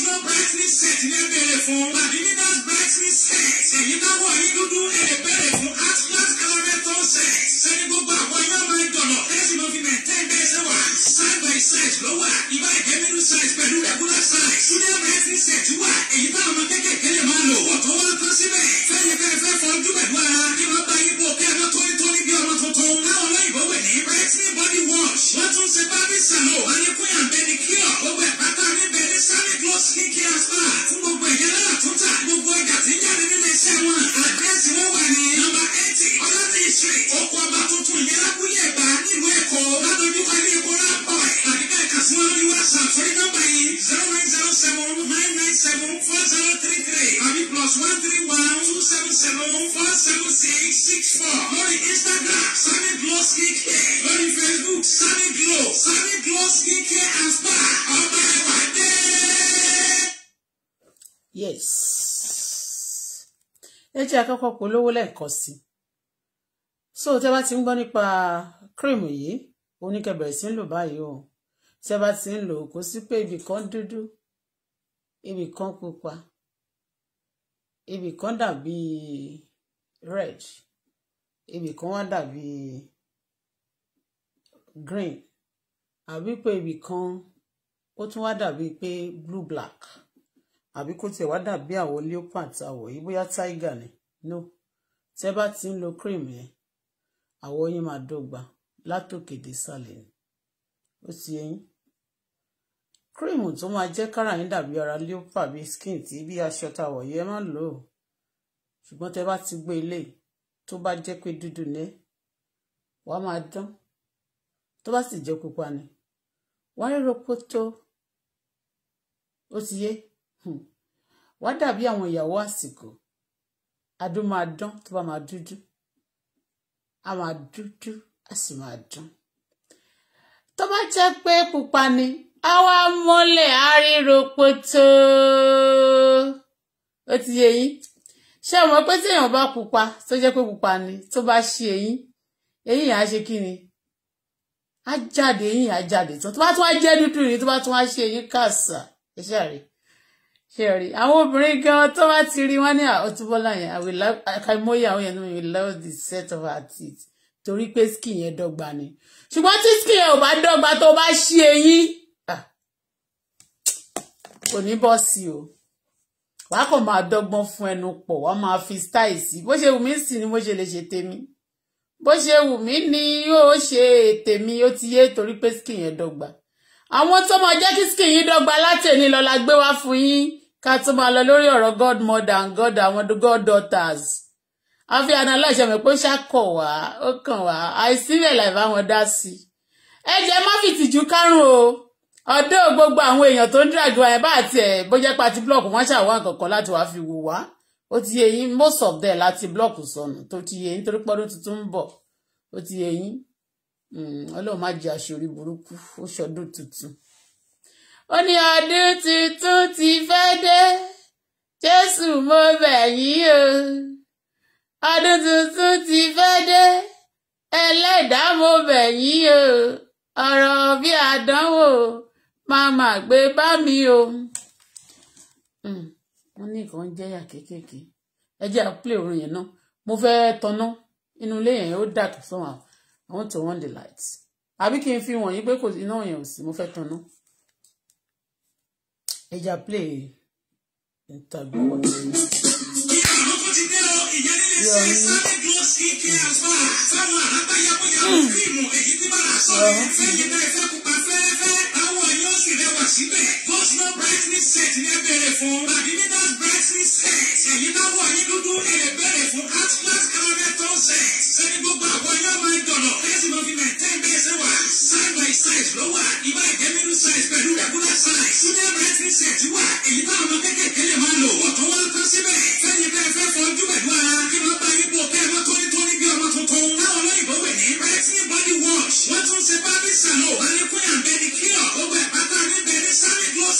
tí ó brightness set ní ẹgbẹ̀rẹ̀ fún. Madinidas brightness set. Èyí bá do ní dúdú ẹ̀rẹ̀ bẹ̀rẹ̀ fún Atlas Colorator set. Sẹ́ni gbogbo àwọn yóò máa dọ̀nà. Ẹ̀sìn ló fi maintain bẹ́ẹ̀ ṣe wà. Side by side ló wà. Ìbá ìjẹ́ middle size pẹ̀lú regular size. Senior brightness set wà. Èyí bá ọmọ kékèké lè máa lò. Ọ̀tọ̀ wọn kọ́ síbẹ̀. Fẹ́ni fẹ́ fẹ́ fọ́jú pẹ̀lú ara. Kí wọ́n bá yín bò kí ẹ kọ́kọ́ polówó lẹ́ẹ̀kan sí so tẹ́ bá ti ń gbọ́ nípa cream yìí oníkẹbẹ̀rẹ̀ sí ń lò báyìí o tẹ́ bá ti ń lò kó sí pé ibì kan dúdú ibì kan pupa ibì kan dàbí red ibì kan wá dàbí green àbí pé ibì kan ó tún wá dàbí pé blue black àbí kó tiẹ̀ wá dàbí àwọ̀ leopard àwọ̀ yìí bóyá tiger ni no tẹ bá ti ń lo cream yẹn àwọ̀ yín máa dọ́gba látòkè dé sàlẹ̀ ni ó ti yẹ cream tó máa jẹ́ kára yín dàbí ara leopard bíi skin tí bí aṣọ tá wọ̀ yẹ má lò ó ṣùgbọ́n tẹ bá ti gbé ilé e tó bá jẹ́ pé dúdú ni wàá máa dán tó bá sì jẹ́ pupa ni wàá rí ropoto ó ti yé hmm. wàá dàbí àwọn ìyàwó àsìkò adó máa dán tó bá máa dúdú a máa dúdú a sì máa dán tó bá jẹ́ pé pupa ni a wá mọ́lẹ̀ á ríro ó ti yé yín ṣé o mọ̀ pé tí èèyàn bá pupa tó jẹ́ pé pupa ni tó bá ṣe eyín eyín yẹn á ṣe kí ni á jáde eyín yẹn á jáde tó bá tún wá jẹ́ dúdú ni tó bá tún wá ṣe eyín kàṣà ẹ ṣáà rí ṣe rí àwọn obìnrin gan tó bá ti rí wọn ní ah, Auto-Bola yẹn àkàìmọye àwọn yẹn ní love the set of her teeth torí pé skin yẹn dọ́gba ni ṣùgbọ́n tí skin yẹn ò bá dọ́gba tó bá ṣí eyín ah, kò ní bọ́ sí o wàá kàn máa dọ́gbọ́n fún ẹnu pọ̀ wàá máa fi style sí bó ṣe wù mí sí ni mo ṣe lè ṣe tèmi bó ṣe wù mí ni ó ṣe tèmi ó ti yé torí pé skin yẹn dọ́gba àwọn tó máa jẹ́ kí skin yín dọ́gba látẹ̀ni lọ́la gbé wá fún yín ká tún máa lọ lórí ọ̀rọ̀ godmother and god àwọn goddaughters a fi analyse ọmọ pé ó ṣàkọ̀ wá ó kàn wá àìsílẹ̀ láì bá wọn dá sí i ẹ jẹ́ má fi tìjú kárùn o ọ̀dọ́ gbogbo àwọn èèyàn tó ń drag wa bá àti ẹ̀ bójẹ́ pati block wọ́n ṣàwọn àkọ́kọ́ láti wàá fi wò wá ó ti yẹ most of them láti block sọnù tó ti yẹ yín torí pọ́dún tuntun ń bọ̀ ó ti yẹ hmm, ọlọ́run má jẹ́ àṣírí burúkú ó ṣọdún tuntun ó ní ọdún tuntun ti fẹ́ dé jésù mo bẹ̀ yín o ọdún tuntun ti fẹ́ dé ẹlẹ́dàá mo bẹ̀ yín o ọ̀rọ̀ bí àdánwò máa mà gbé bá mi o. Hmm, wọ́n ní nǹkan jẹ́yà kéékèèké ẹ jẹ́ àpilẹ̀ orin yẹn náà mo fẹ́ tanná inú ilé yẹn ó dàtọ̀ sọ́wọ́n I want to on the light àbí kí n fi wọ̀nyí pé iná yẹn ò sí mo fẹ́ tanná ẹja play ìtàgbọ wọn. yọrí síbẹ̀ goslow brightly set ní ẹbẹ̀rẹ̀ fún magnitas brightly set èyí náà wà ní dúdú ẹ̀ẹ́bẹ̀rẹ̀ fún atlas carreton set sẹ́ni gbogbo àgbọ̀ yóò máa dọ̀nà ẹ̀sì máa fi ten bẹ́ẹ̀ ṣe wà side by size ló wà ìbá ìjẹ́ middle size pẹ̀lú regular size sunday brightly set wà èyí náà ọmọ kékèké lè máa lò ọ̀tún wọn tán síbẹ̀ sẹ́ni bẹ́ẹ̀ fẹ́ fọ́jú pẹ̀lú ara kí wọ́n bá yín bò kẹ́ ẹ mọ́ tónítóní bí ọmọ tuntun táwọn olóyìnbó wẹ̀ ní brightly body wash wọ́n tún ṣe bábí sàlọ̀ wọ́n ní kúnyà bẹ́ẹ̀ ni kíọ̀ gbogbo ẹ̀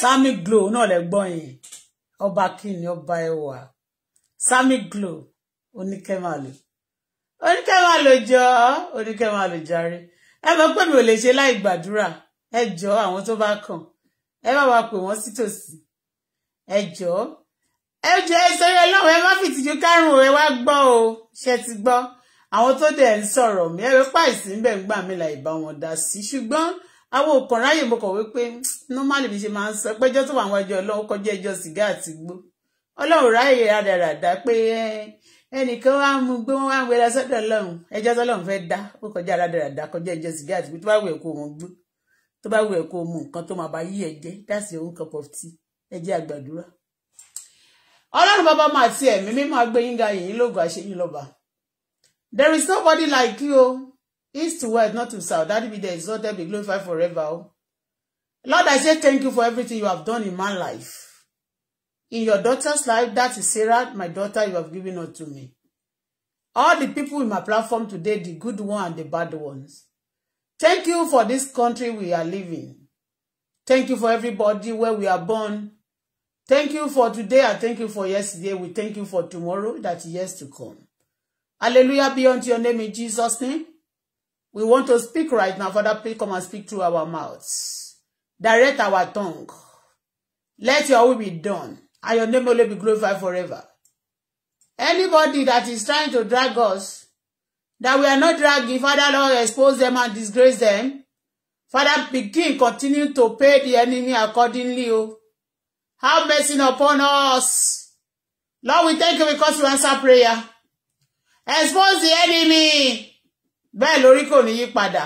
Sammy Glow náà lẹ gbọ́ yẹn ọba kìíní ọba ẹwà Sammy Glow oníkẹ́màlò oníkẹ́màlò jọ malo jàre ẹ mọ̀ pé mi ò lè ṣe láì gbàdúrà ẹ jọ àwọn tó bá kàn ẹ bá wa pè wọ́n sítòsí ẹ jọ ẹ jọ ẹ sọ̀rọ̀ Ọlọ́run ẹ má fìtìjú kárùn ẹ wá gbọ́ o ṣe ti gbọ́ àwọn tó dẹ̀ ń sọ̀rọ̀ mi ẹ pàìsí ń bẹ̀ ń gbà mí láì bá wọn dá sí àwọn òkàn ráyè mo kàn wípé normally mi ṣe máa ń sọ péjọ tó wà wájú ọlọ́run kọjá ẹjọ́ sìgá àti igbó ọlọ́run ráyè rádaràdá pé ẹnìkan wá mú gbé wọn wá ń wẹra sọ́dọ̀ ọlọ́run ẹjọ́ tọ́lọ́run fẹ́ dá ó kọjá rádaràdá kọjá ẹjọ́ sìgá àti igbó tó bá wù ẹ́ kó wọn gbó tó bá wù ẹ́ kó mu nǹkan tó máa bá yí ẹ jẹ that's your own cup of tea ẹ jẹ́ àgbàdúrà ọlọ́run bàbá máa ti ẹ̀mí mímọ́ agbẹ́yìngá yìí lóògùn àṣeyìn lọ́ba there is nobody like you East to west, not to south. That be the exalted, be glorified forever. Lord, I say thank you for everything you have done in my life. In your daughter's life, that is Sarah, my daughter, you have given her to me. All the people in my platform today, the good one and the bad ones. Thank you for this country we are living. Thank you for everybody where we are born. Thank you for today I thank you for yesterday. We thank you for tomorrow that is yet to come. Hallelujah be unto your name in Jesus' name. We want to speak right now. Father, please come and speak through our mouths. Direct our tongue. Let your will be done. And your name will be glorified forever. Anybody that is trying to drag us, that we are not dragging, Father Lord, expose them and disgrace them. Father, begin, continue to pay the enemy accordingly. Oh. Have mercy upon us. Lord, we thank you because you answer prayer. Expose the enemy bẹ́ẹ̀ lórí kò ní yí padà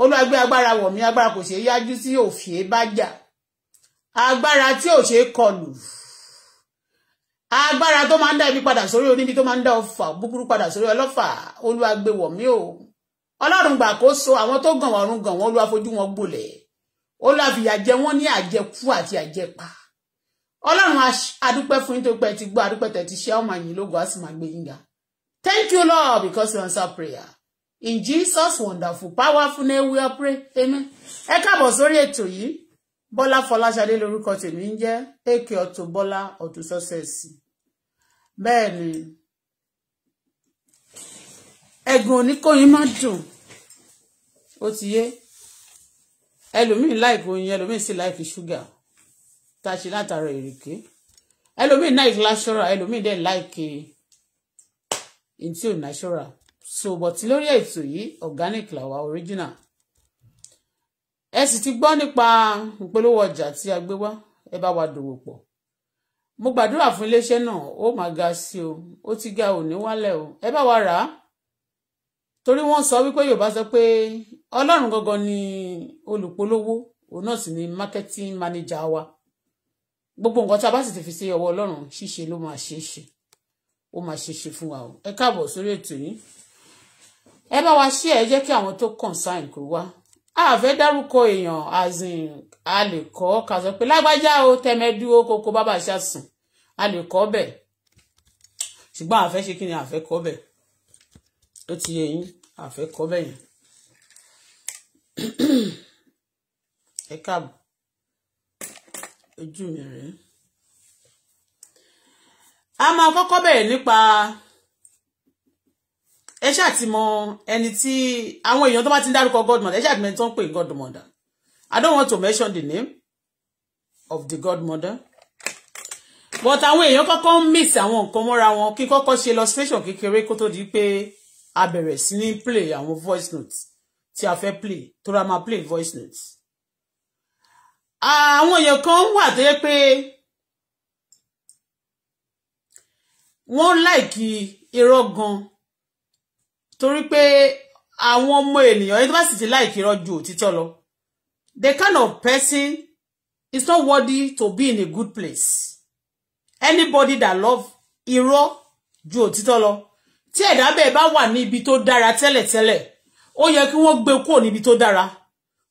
Olúwa gbé agbára wọ̀ mí agbára kò ṣe é yájú tí òfìé bá jà agbára tí ò ṣe é kọlù agbára tó máa ń dá ibi padà sórí oníbi tó máa ń dá ọfà búburú padà sórí ọlọ́fà Olúwa gbé wọ̀ mí o Ọlọ́run gbàkóso àwọn tó gàn wọ́n gàn wọ́n Olúwa fojú wọn gbolẹ̀ Olúwa jẹ wọ́n ní àjẹkú àti àjẹpa Ọlọ́run adúpẹ́ fún yín tó pẹ́ ti gbọ́ adúpẹ́ tẹ̀ ti ṣe ọmọ yìí lógo a sì máa gbé yín ga Thank you Lord because you answer prayer in Jesus wonderful powerful name we pray amen ẹ káàbọ̀ sórí ètò yìí Bọ́lá Fọláṣadé lórúkọ tèmi ń jẹ́ èkè Auto Bọ́lá Auto Success bẹ́ẹ̀ ni ẹ̀gùn oníkóyin máa dùn ó ti yé ẹlòmíì láìkí oyin ẹlòmíì sì láìkí ṣúgà tá a ṣe látara èrèké ẹlòmíì náà ìlàṣọra ẹlòmíì dẹ̀ láìkí eh, ntí ò náṣọra so but lórí ètò yìí organic làwa original ẹ sì ti gbọ́ nípa ìpolówó ọjà tí a gbé wá ẹ bá wa dòwò pọ̀ mo gbàdúrà fún iléeṣẹ́ náà ó mà ga sí o ó ti ga òní wálẹ̀ o ẹ bá wa rà á torí wọ́n sọ wípé Yorùbá sọ pé Ọlọ́run gangan ni olùpolówó òun náà sì ni marketing manager wa gbogbo nǹkan tí a bá sì ti fi sí ọwọ́ Ọlọ́run ṣíṣe ló máa ṣe é ṣe ó máa ṣe é ṣe fún wa o ẹ káàbọ̀ sórí ètò yìí ẹ bá wa ṣí ẹ jẹ́ kí àwọn tó concern kó wá àfẹ́ dárúkọ èèyàn azin a lè kọ́ ká sọ pé lágbájá o tẹmẹdú o kókó bàbá ṣá a lè kọ́ bẹ̀ ṣùgbọ́n àfẹ́ ṣe kí ni àfẹ́ kọ́ bẹ̀ ó ti yẹ yín àfẹ́ kọ́ bẹ̀ yẹn ẹ káàbọ̀ ojú mi rèé a máa kọ́kọ́ bẹ̀rẹ̀ nípa ẹ ṣáà ti mọ ẹni tí àwọn èèyàn tó bá ti ń dárúkọ godmother ẹ ṣáà ti mọ ẹni tó ń pè godmother I don't want to mention the name of the godmother but àwọn èèyàn kọ́kọ́ ń miss àwọn nǹkan mọ́ra wọn kí kọ́kọ́ ṣe illustration kékeré kó tó di pé a bẹ̀rẹ̀ sí ní play àwọn voice notes tí a fẹ́ play tó ra máa play voice notes. àwọn èèyàn kan wà tó yẹ pé wọ́n láìkí irọ́ gan torí pé àwọn ọmọ ènìyàn ẹni tó bá sì ti láìkí irọ́ ju òtítọ́ lọ the kind of person is not worthy to be in a good place anybody that love irọ́ ju òtítọ́ lọ tí ẹ̀dá bẹ́ẹ̀ bá wà ní ibi tó dára tẹ́lẹ̀tẹ́lẹ̀ ó yẹ kí wọ́n gbé kúrò níbi tó dára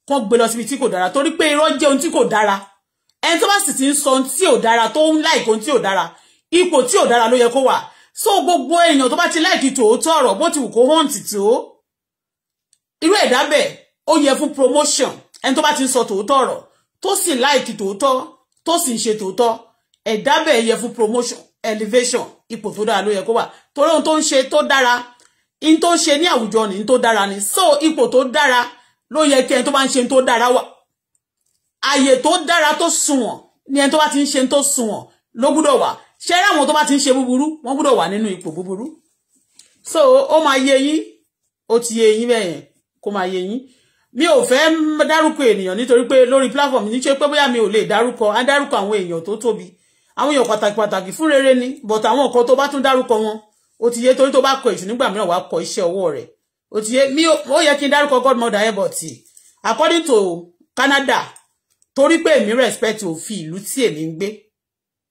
kán gbé lọ síbi tí kò dára torí pé irọ́ jẹ́ ohun tí kò dára ẹni tó bá sì ti ń sọ ohun tí ò dára tó ń láìkó ohun tí ò dára ipò tí ò dára ló yẹ kó wà so gbogbo èèyàn tó bá ti láìkí tòótọ́ ọ̀rọ̀ bó ti wù kó hàn tì tó irú ẹ̀dá bẹ́ẹ̀ ó promotion ẹni tó bá ti ń sọ tòótọ́ ọ̀rọ̀ tó sì láìkí tòótọ́ tó sì ń ṣe tòótọ́ ẹ̀dá bẹ́ẹ̀ yẹ fún promotion elevation ipò tó dára ló yẹ kó wà torí ohun tó ń dara in tó ń ṣe ní ni tó dára ni so ipò tó dára ló yẹ kí ẹni tó bá ń ṣe tó dára wà àyè tó dára tó sunwọ̀n ni ẹni tó bá ti ń ṣe tó sunwọ̀n ló gbúdọ̀ wà ṣe rí àwọn tó bá ti ń ṣe búburú wọ́n gbọ́dọ̀ wà nínú ipò búburú so ó máa yé yín ó ti yé yín bẹ́ẹ̀ yẹn kó máa yé yín mi ò fẹ́ dárúkọ ènìyàn nítorí pé lórí platform ní ṣe pé bóyá mi ò lè dárúkọ á dárúkọ àwọn èèyàn tó tóbi àwọn èèyàn pàtàkì pàtàkì fún rere ni but àwọn nǹkan tó bá tún dárúkọ wọn ó ti yé torí tó bá kọ èṣù nígbà mìíràn wàá kọ iṣẹ́ ọwọ́ rẹ̀ ó ti yé mi ó yẹ kí n dárúkọ godmother ebert according to Canada torí pé èmi respect òfin ìlú tí èmi ń gbé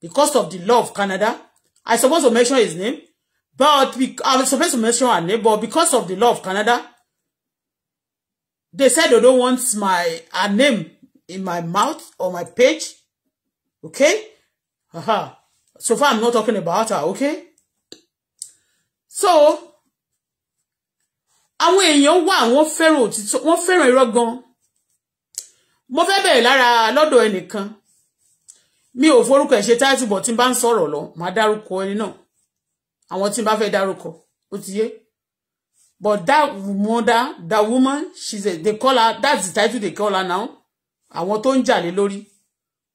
because of the law of Canada. I supposed to mention his name, but I was supposed to mention her name, but because of the law of Canada, they said they don't want my her name in my mouth or my page. Okay? Aha. So far, I'm not talking about her, okay? So, àwọn èèyàn wà wọ́n fẹ́ràn òtítọ́ wọ́n fẹ́ràn irọ́ gan-an. Mo fẹ́ bẹ̀rẹ̀ lára lọ́dọ̀ ẹnìkan mi ò forúkọ ẹ̀ ṣe táìtù bọ̀ tí n bá ń sọ̀rọ̀ lọ màá dárúkọ ẹni náà àwọn tí n bá fẹ́ dárúkọ ó ti yé but that mother that woman she's a they call her that's the title they call her now àwọn tó ń jà lé lórí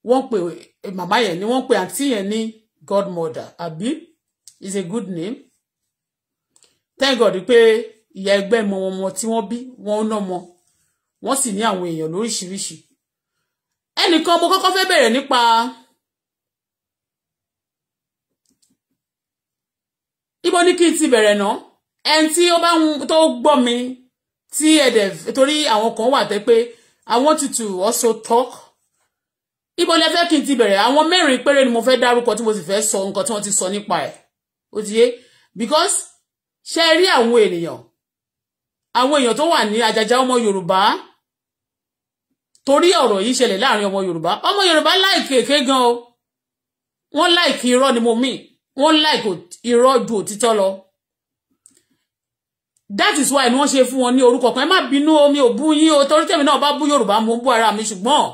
wọ́n pè màmá yẹn ni wọ́n pè àǹtí yẹn ní godmother àbí is a good name thank god pé ìyá ẹgbẹ́ mọ wọn mọ tí wọ́n bí wọ́n ná mọ wọ́n sì ní àwọn èèyàn lóríṣiríṣi ẹnìkan mo kọ́kọ́ fẹ́ bẹ̀rẹ̀ nípa. ibo ni kí n ti bẹ̀rẹ̀ náà ẹni tí ó bá ń tó gbọ́ mi tí ẹ̀dẹ̀ torí àwọn kan wà tẹ́ pé I want you to also talk ibo lẹ fẹ́ kí n ti bẹ̀rẹ̀ àwọn mẹ́rin péré ni mo fẹ́ dárúkọ tí mo sì fẹ́ sọ nǹkan tí wọ́n ti sọ nípa ẹ̀ ó ti yé because ṣe rí àwọn ènìyàn àwọn èèyàn tó wà ní àjàjà ọmọ Yorùbá torí ọ̀rọ̀ yìí ṣẹlẹ̀ láàrin ọmọ Yorùbá ọmọ Yorùbá láìkèké gan o wọ́n láìkè irọ́ ni mo mìí wọ́n like irọ́ ju òtítọ́ lọ that is why ni wọ́n ṣe fún wọn ní orúkọ kan ẹ má bínú omi ò bú yín o torí tèmi náà bá bú yorùbá mo bú ara mi ṣùgbọ́n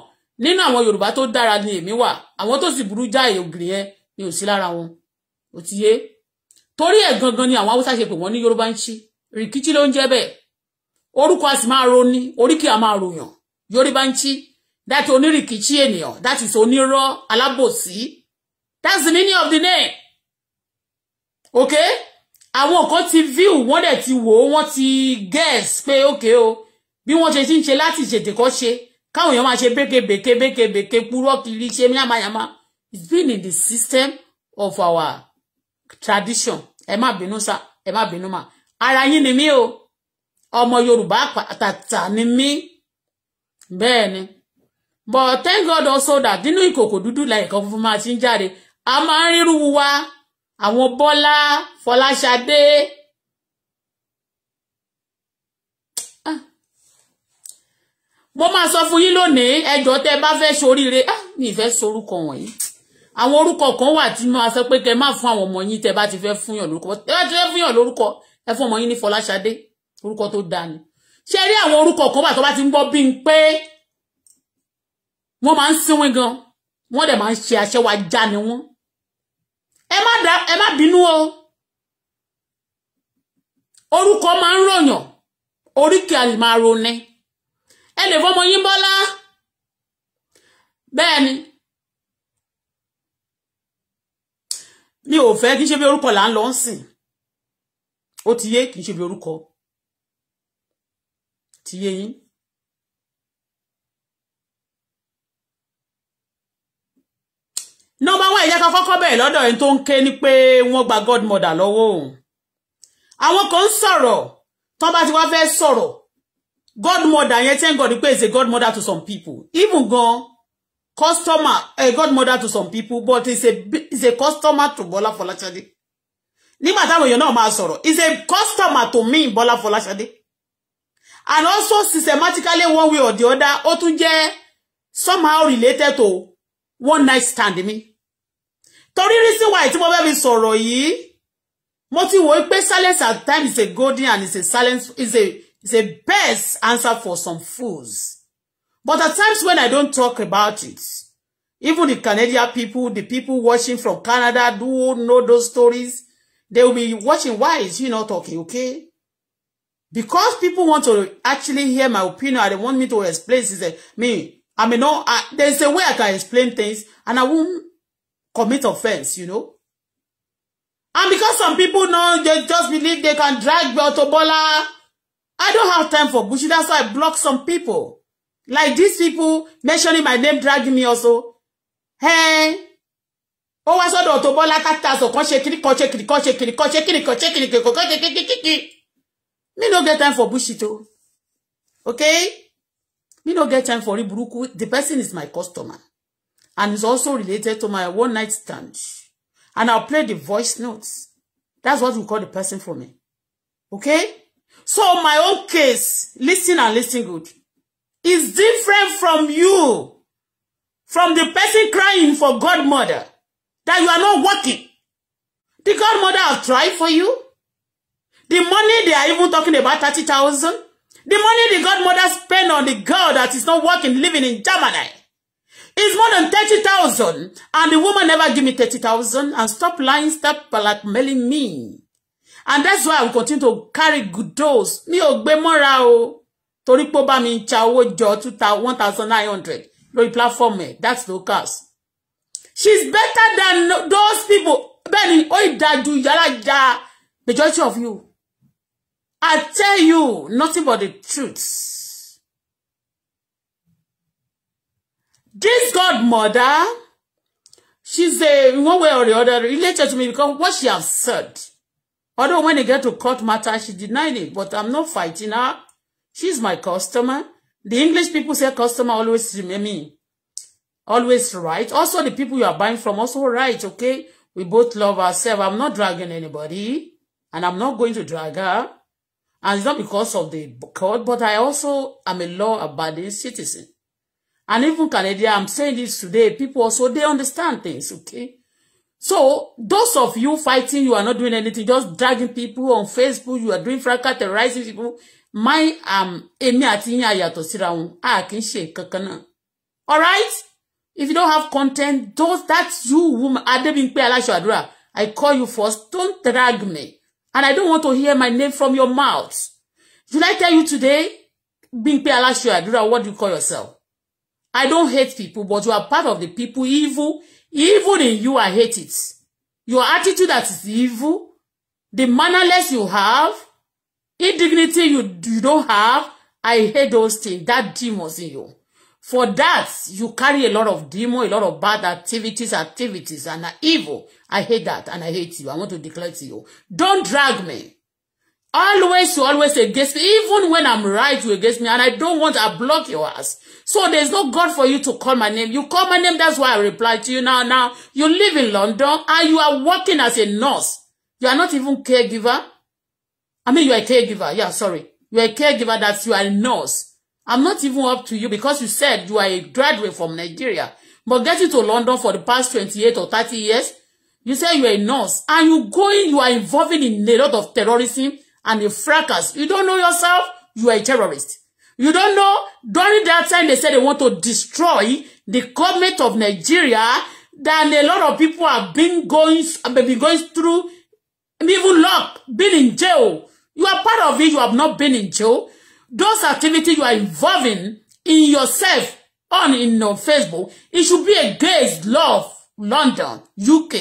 nínú àwọn yorùbá tó dára ni èmi wà àwọn tó sì burú jáì ògiri yẹn ni ò sí lára wọn ò ti yé torí ẹ̀ gangan ni àwọn haúsá ṣe pè wọ́n ní yorùbá ń ṣí rìkíṣí ló ń jẹ́ bẹ́ẹ̀ orúkọ a sì máa roni oríkì a máa ròyàn yorùbá ń ṣí that onírìkíṣí ènìyàn that is onírọ́ alábòsí that's the meaning of the name okay àwọn kan ti view wọ́n dẹ̀ ti wò ó wọ́n ti guess pé okay o bí wọ́n ṣe ti ń ṣe láti ṣètè kọ́ ṣe káwọn èèyàn máa ṣe békebèke békebèke purọ́ kiri ṣe yamayama it's been in the system of our tradition ẹ má bínú sá ẹ má bínú mà ara yín ni mí o ọmọ Yorùbá tàtà ni mí bẹ́ẹ̀ ni but thank God also that nínú ìkòkò dúdú la ẹ̀kọ́ funfun máa ti ń jáde a máa ń rírú wa àwọn Bọ́lá Fọláṣadé ah. mo máa sọ fún yín lónìí ẹjọ́ tẹ́ bá fẹ́ ṣoríire ah, mi ì fẹ́ sorúkọ wọ̀nyí àwọn orúkọ kan wà tí máa sọ pé kẹ́ má fún àwọn ọmọ yín tẹ́ bá ti fẹ́ fún yàn lórúkọ tẹ́ bá ti fẹ́ fún yàn lórúkọ ẹ fún ọmọ yín ní Fọláṣadé orúkọ tó dáa ni ṣe rí àwọn orúkọ kan wà tó bá ti ń gbọ́ bí n pé wọ́n máa ń sínwín gan wọ́n dẹ̀ máa ń ṣe aṣẹ́wàjá ni wọ́n ẹ má bínú o orúkọ máa ń ròyàn oríkì àlìmárò ni ẹ lè fọmọ yín bọ́lá bẹ́ẹ̀ ni mi ò fẹ́ kí n ṣe bí orúkọ là ń lọ sìn ó ti yé kì í ṣe bí orúkọ ti yé yín ẹ jẹ́ ká kọ́kọ́ bẹ̀rẹ̀ lọ́dọ̀ ẹni tó ń ké ni pé wọ́n gba godmother lọ́wọ́ òun àwọn kan ń sọ̀rọ̀ tó bá ti wá fẹ́ sọ̀rọ̀ godmother yẹn thank God pé is a godmother to some people even gan customer a godmother to some people but is a is a customer to Bọ́lá Fọláṣadé nígbà táwọn èèyàn náà máa sọ̀rọ̀ is a customer to me Bọ́lá Fọláṣadé and also systematically one way or the other ó tún jẹ́ somehow related to one night stand mi torí reason why tí mo fẹ́ fi sọ̀rọ̀ yìí mo ti wò pé silence at times is a golden and is a silence is a is a best answer for some fools but at times when I don't talk about it even the Canadian people the people watching from Canada do know those stories they will be watching why is he not talking okay because people want to actually hear my opinion and they want me to explain this me I mean no I, there's a way I can explain things and I won't commit offense, you know. And because some people know they just believe they can drag Auto I don't have time for bullshit. That's why I block some people. Like these people mentioning my name, dragging me also. Hey. Ó wá sọ́dọ̀ Auto Bola kátàsọ̀ kan ṣe kiri kan ṣe kiri kan ṣe kiri kan ṣe kiri kan ṣe kiri kan ṣe kiri kiri. Me no get time for bullshit o. Okay? Me no get time for burúkú. The person is my customer and it's also related to my one night stand. And I'll play the voice notes. That's what we call the person for me. Okay? So my own case, listen and listen good, is different from you. From the person crying for godmother. That you are not working. The godmother have tried for you. The money they are even talking about 30,000. The money the godmother spend on the girl that is not working, living in Germany. It's more than 30,000. And the woman never give me 30,000 and stop lying, stop blackmailing me. And that's why I will continue to carry good dose. Mi ò gbé mọ́ra o. Torí pé ó bá mi cha owó jọ 1,900 lórí platform me. That's no cause. She's better than those people. Bẹ́ẹ̀ni, ó ìdájú yàrá ja majority of you. I tell you nothing but the truth. This godmother, she's a in one way or the other related to me because what she has said. Although when they get to court matter, she denied it, but I'm not fighting her. She's my customer. The English people say customer always me. Always right. Also, the people you are buying from also right, okay? We both love ourselves. I'm not dragging anybody. And I'm not going to drag her. And it's not because of the court, but I also am a law-abiding citizen. And even Canada, I'm saying this today, people also, they understand things, okay? So, those of you fighting, you are not doing anything, just dragging people on Facebook, you are doing fracas, terrorizing people. My, um, Emi àti yín yàtọ̀ síra wọn, a kì í ṣe All right? If you don't have content, those, that's you, woman. Adebimpe Alasho Adura, I call you first. Don't drag me. And I don't want to hear my name from your mouth. Did I tell you today, Bimpe Alasho Adura, what do you call yourself? I don't hate people, but you are part of the people evil. Even in you, I hate it. Your attitude that is evil, the mannerless you have, indignity you, you don't have, I hate those things, that demons in you. For that, you carry a lot of demon, a lot of bad activities, activities, and evil. I hate that, and I hate you. I want to declare to you, don't drag me. Always, you always against me. Even when I'm right, you against me. And I don't want to block your ass. So there's no God for you to call my name. You call my name, that's why I reply to you now. Now, you live in London and you are working as a nurse. You are not even caregiver. I mean, you are a caregiver. Yeah, sorry. You are a caregiver that you are a nurse. I'm not even up to you because you said you are a graduate from Nigeria. But getting to London for the past 28 or 30 years, you say you are a nurse. And you going, you are involving in a lot of terrorism and a fracas. You don't know yourself, you are a terrorist. You don't know, during that time they said they want to destroy the government of Nigeria, then a lot of people have been going, have been going through, even locked, been in jail. You are part of it, you have not been in jail. Those activities you are involving in yourself on in on Facebook, it should be against love, London, UK.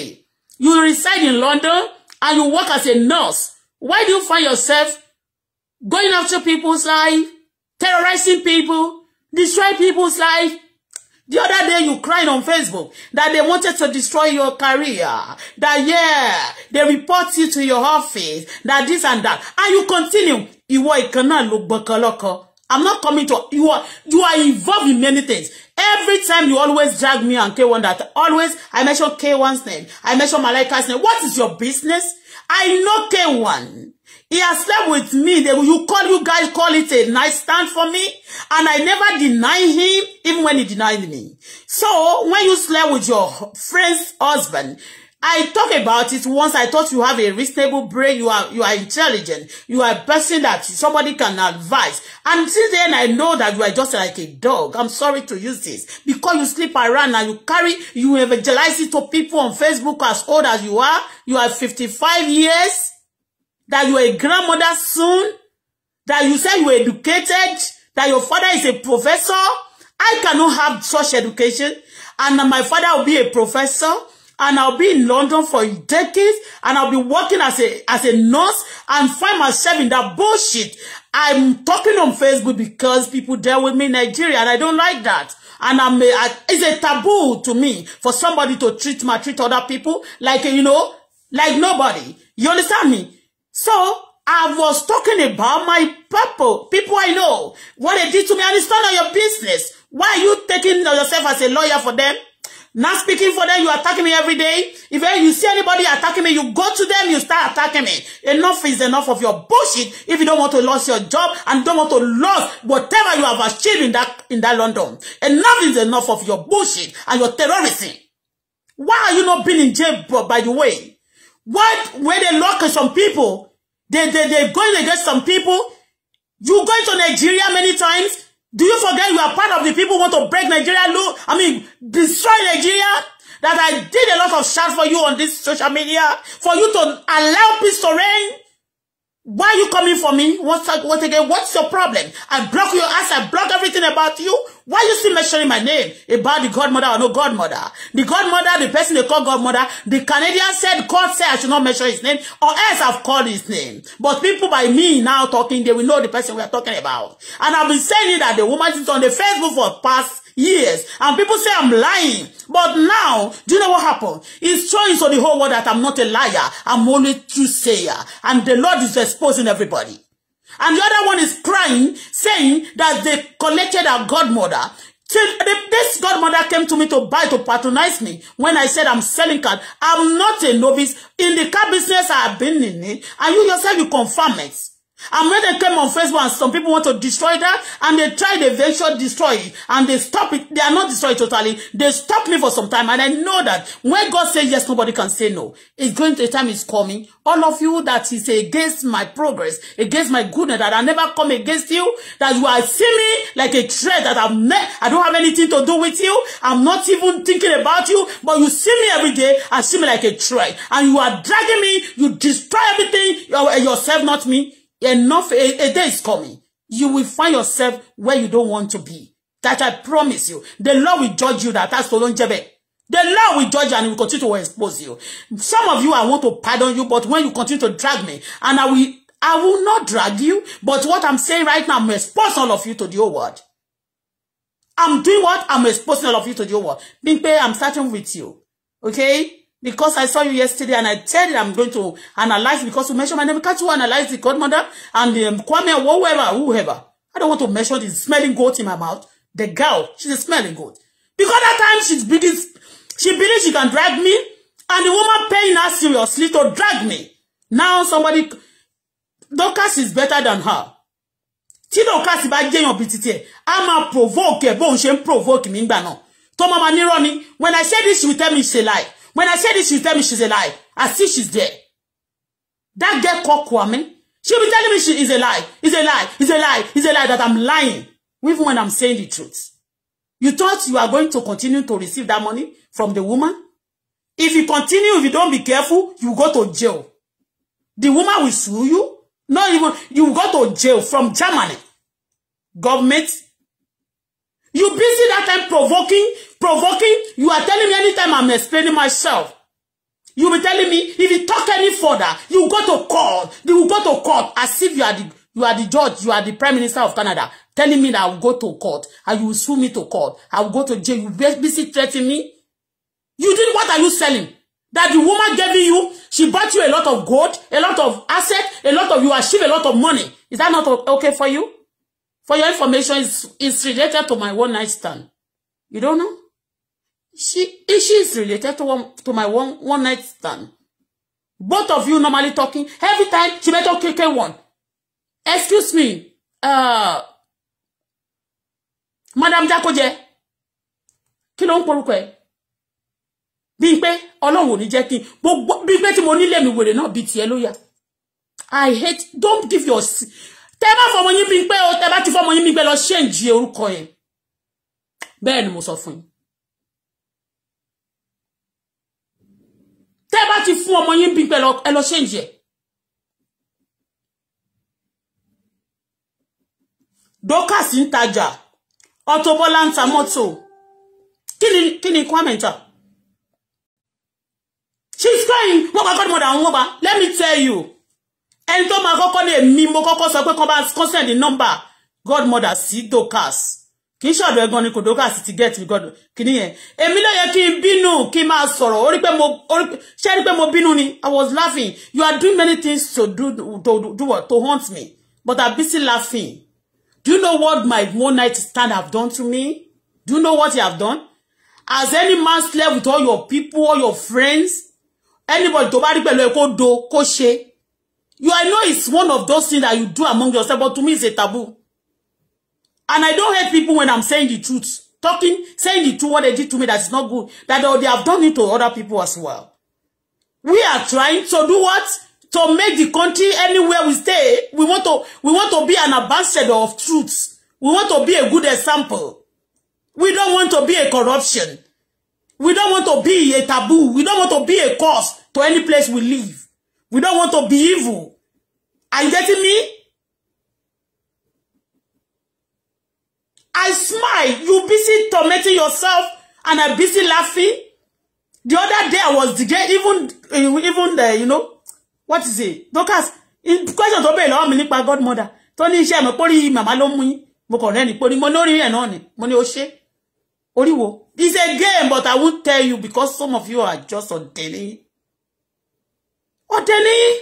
You reside in London and you work as a nurse Why do you find yourself going after people's life, terrorizing people, destroy people's life? The other day you cried on Facebook that they wanted to destroy your career, that yeah, they report you to your office, that this and that. And you continue, You are a ìkànnà look gbọ̀kànlọ́kọ̀. I'm not coming to you are you are involved in many things. Every time you always drag me and K1 that always I mention K1's name. I mention Malaika's name. What is your business? I know K1. He has slept with me. They, you call you guys call it a nice stand for me. And I never deny him, even when he denied me. So when you slept with your friend's husband, I talk about it once. I thought you have a reasonable brain. You are you are intelligent. You are a person that somebody can advise. And since then, I know that you are just like a dog. I'm sorry to use this because you sleep around and you carry you evangelize it to people on Facebook as old as you are. You are 55 years. That you are a grandmother soon. That you say you are educated. That your father is a professor. I cannot have such education, and my father will be a professor and I'll be in London for decades and I'll be working as a as a nurse and find myself in that bullshit. I'm talking on Facebook because people deal with me in Nigeria and I don't like that. And I'm a, I, it's a taboo to me for somebody to treat my treat other people like you know like nobody. You understand me? So I was talking about my people, people I know, what they did to me, and it's none of your business. Why are you taking yourself as a lawyer for them? Not speaking for them, you attacking me every day. If eh, you see anybody attacking me, you go to them, you start attacking me. Enough is enough of your bullshit if you don't want to lose your job and don't want to lose whatever you have achieved in that, in that London. Enough is enough of your bullshit and your terrorism. Why are you not being in jail, bro, by the way? what when they lock some people, they, they, they're going against some people, you going to Nigeria many times, Do you forget you are part of the people who want to break Nigeria loose? I mean, destroy Nigeria? That I did a lot of shots for you on this social media for you to allow peace to reign? Why are you coming for me? Once, once again, what's your problem? I block your ass. I block everything about you. Why you still mentioning my name about the godmother or no godmother? The godmother, the person they call godmother, the Canadian said, court said I should not mention his name, or else I've called his name. But people by me now talking, they will know the person we are talking about. And I've been saying that the woman is on the Facebook for past years and people say I'm lying but now do you know what happened it's showing to the whole world that I'm not a liar I'm only truth sayer and the Lord is exposing everybody and the other one is crying, saying that they collected her godmother. Till this godmother came to me to buy, to patronize me when I said I'm selling card. I'm not a novice. In the car business, I have been in it. And you yourself, you confirm it. And when they came on Facebook and some people want to destroy that, and they tried, they venture destroy it, and they stop it. They are not destroyed totally. They stop me for some time, and I know that when God says yes, nobody can say no. It's going to, the time is coming. All of you that is against my progress, against my goodness, that I never come against you, that you are seeing me like a threat that I've ne I don't have anything to do with you. I'm not even thinking about you, but you see me every day and see me like a threat. And you are dragging me, you destroy everything, yourself, not me. Enough, a, a day is coming. You will find yourself where you don't want to be. That I promise you. The Lord will judge you that. That's jebe. The Lord will judge you and will continue to expose you. Some of you, I want to pardon you, but when you continue to drag me, and I will, I will not drag you, but what I'm saying right now, I'm exposing all of you to the old world. I'm doing what? I'm exposing all of you to the old world. Being I'm starting with you. Okay? Because I saw you yesterday and I tell you I'm going to analyze because you mentioned my name. Can't you analyze the godmother and the um, Kwame or whoever, whoever? I don't want to mention the smelling goat in my mouth. The girl, she's a smelling goat. Because that time she's bleeding, she believes she can drag me and the woman paying her seriously to drag me. Now somebody, Dorcas is better than her. Tí Dorcas bá jẹ́yàn bí títí ẹ̀, a provoke ẹ̀ bóun provoke me, nígbà náà. Tó máa ma when I say this, she will tell me she lie. When I say this, she tell me she's a lie. I see she's there. That girl called Kwame. She'll be telling me she is a lie. Is a lie. Is a lie. Is a lie that I'm lying. Even when I'm saying the truth. You thought you are going to continue to receive that money from the woman? If you continue, if you don't be careful, you go to jail. The woman will sue you. Not even, you go to jail from Germany. Government You busy that time provoking, provoking. You are telling me anytime I'm explaining myself. You be telling me if you talk any further, you go to court. You will go to court as if you are the you are the judge, you are the prime minister of Canada, telling me that I will go to court and you will sue me to court. I will go to jail. You busy threatening me. You did what are you selling? That the woman gave you, she bought you a lot of gold, a lot of asset, a lot of you achieve a lot of money. Is that not okay for you? For your information, it's, it's related to my one night stand. You don't know? She, she is related to, one, to my one, one night stand. Both of you normally talking. Every time, she met better KK one. Excuse me. Uh, Madam Jakoje. Kí ló ń porúkọ ẹ̀? Bímpé Ọlọ́run ò ní jẹ́ kí n gbogbo Bímpé tí mo nílé mi wèrè náà bíi I hate don't give your tẹ́ bá fọmọ yín bíi pé o tẹ́ bá ti fọmọ yín bíi pé lọ ṣéǹjì orúkọ yẹn bẹ́ẹ̀ ni mo sọ fún yín tẹ́ bá ti fún ọmọ yín bíi pé ẹ lọ ṣéǹjì ẹ̀ dókàsí ń tajà Auto Bola ń ta mọ́tò kí she's crying wọ́n gba godmother àwọn wọ́n gba let me tell you ẹni tó máa kọ́kọ́ ní èmi mo kọ́kọ́ sọ pé kán send number godmother sí dokas kì í ṣọ̀dọ̀ ẹ̀gbọ́n ni kò dokas ti get me god kìíní yẹn èmi ló kí n bínú kí n máa sọ̀rọ̀ ṣé rí pé mo bínú ni i was laughing you are doing many things to do to do what to haunt me but i'm busy laughing do you know what my one night stand have done to me do you know what you have done as any man slept with all your people all your friends anybody tó bá rí pẹ̀lú ẹ kó do kó ṣe. You, I know it's one of those things that you do among yourself, but to me, it's a taboo. And I don't hate people when I'm saying the truth. Talking, saying the truth, what they did to me that's not good. That they have done it to other people as well. We are trying to do what? To make the country anywhere we stay. We want to, we want to be an ambassador of truth. We want to be a good example. We don't want to be a corruption. We don't want to be a taboo. We don't want to be a cause to any place we live. We don't want to be evil. Are you getting me? I smile. You busy tormenting yourself and I busy laughing. The other day I was delayed, even even the, uh, you know, what is it? Doctors, in question tó bẹ̀rẹ̀ lọ́wọ́ mi nípa godmother. Tó share iṣẹ́ mi pórí màmá ló mú Mo kàn rẹ́ ni pórí mo lórí ẹ̀ náà ni. Mo ní ó ṣe. Orí It's a game but I won't tell you because some of you are just on On Ordaining?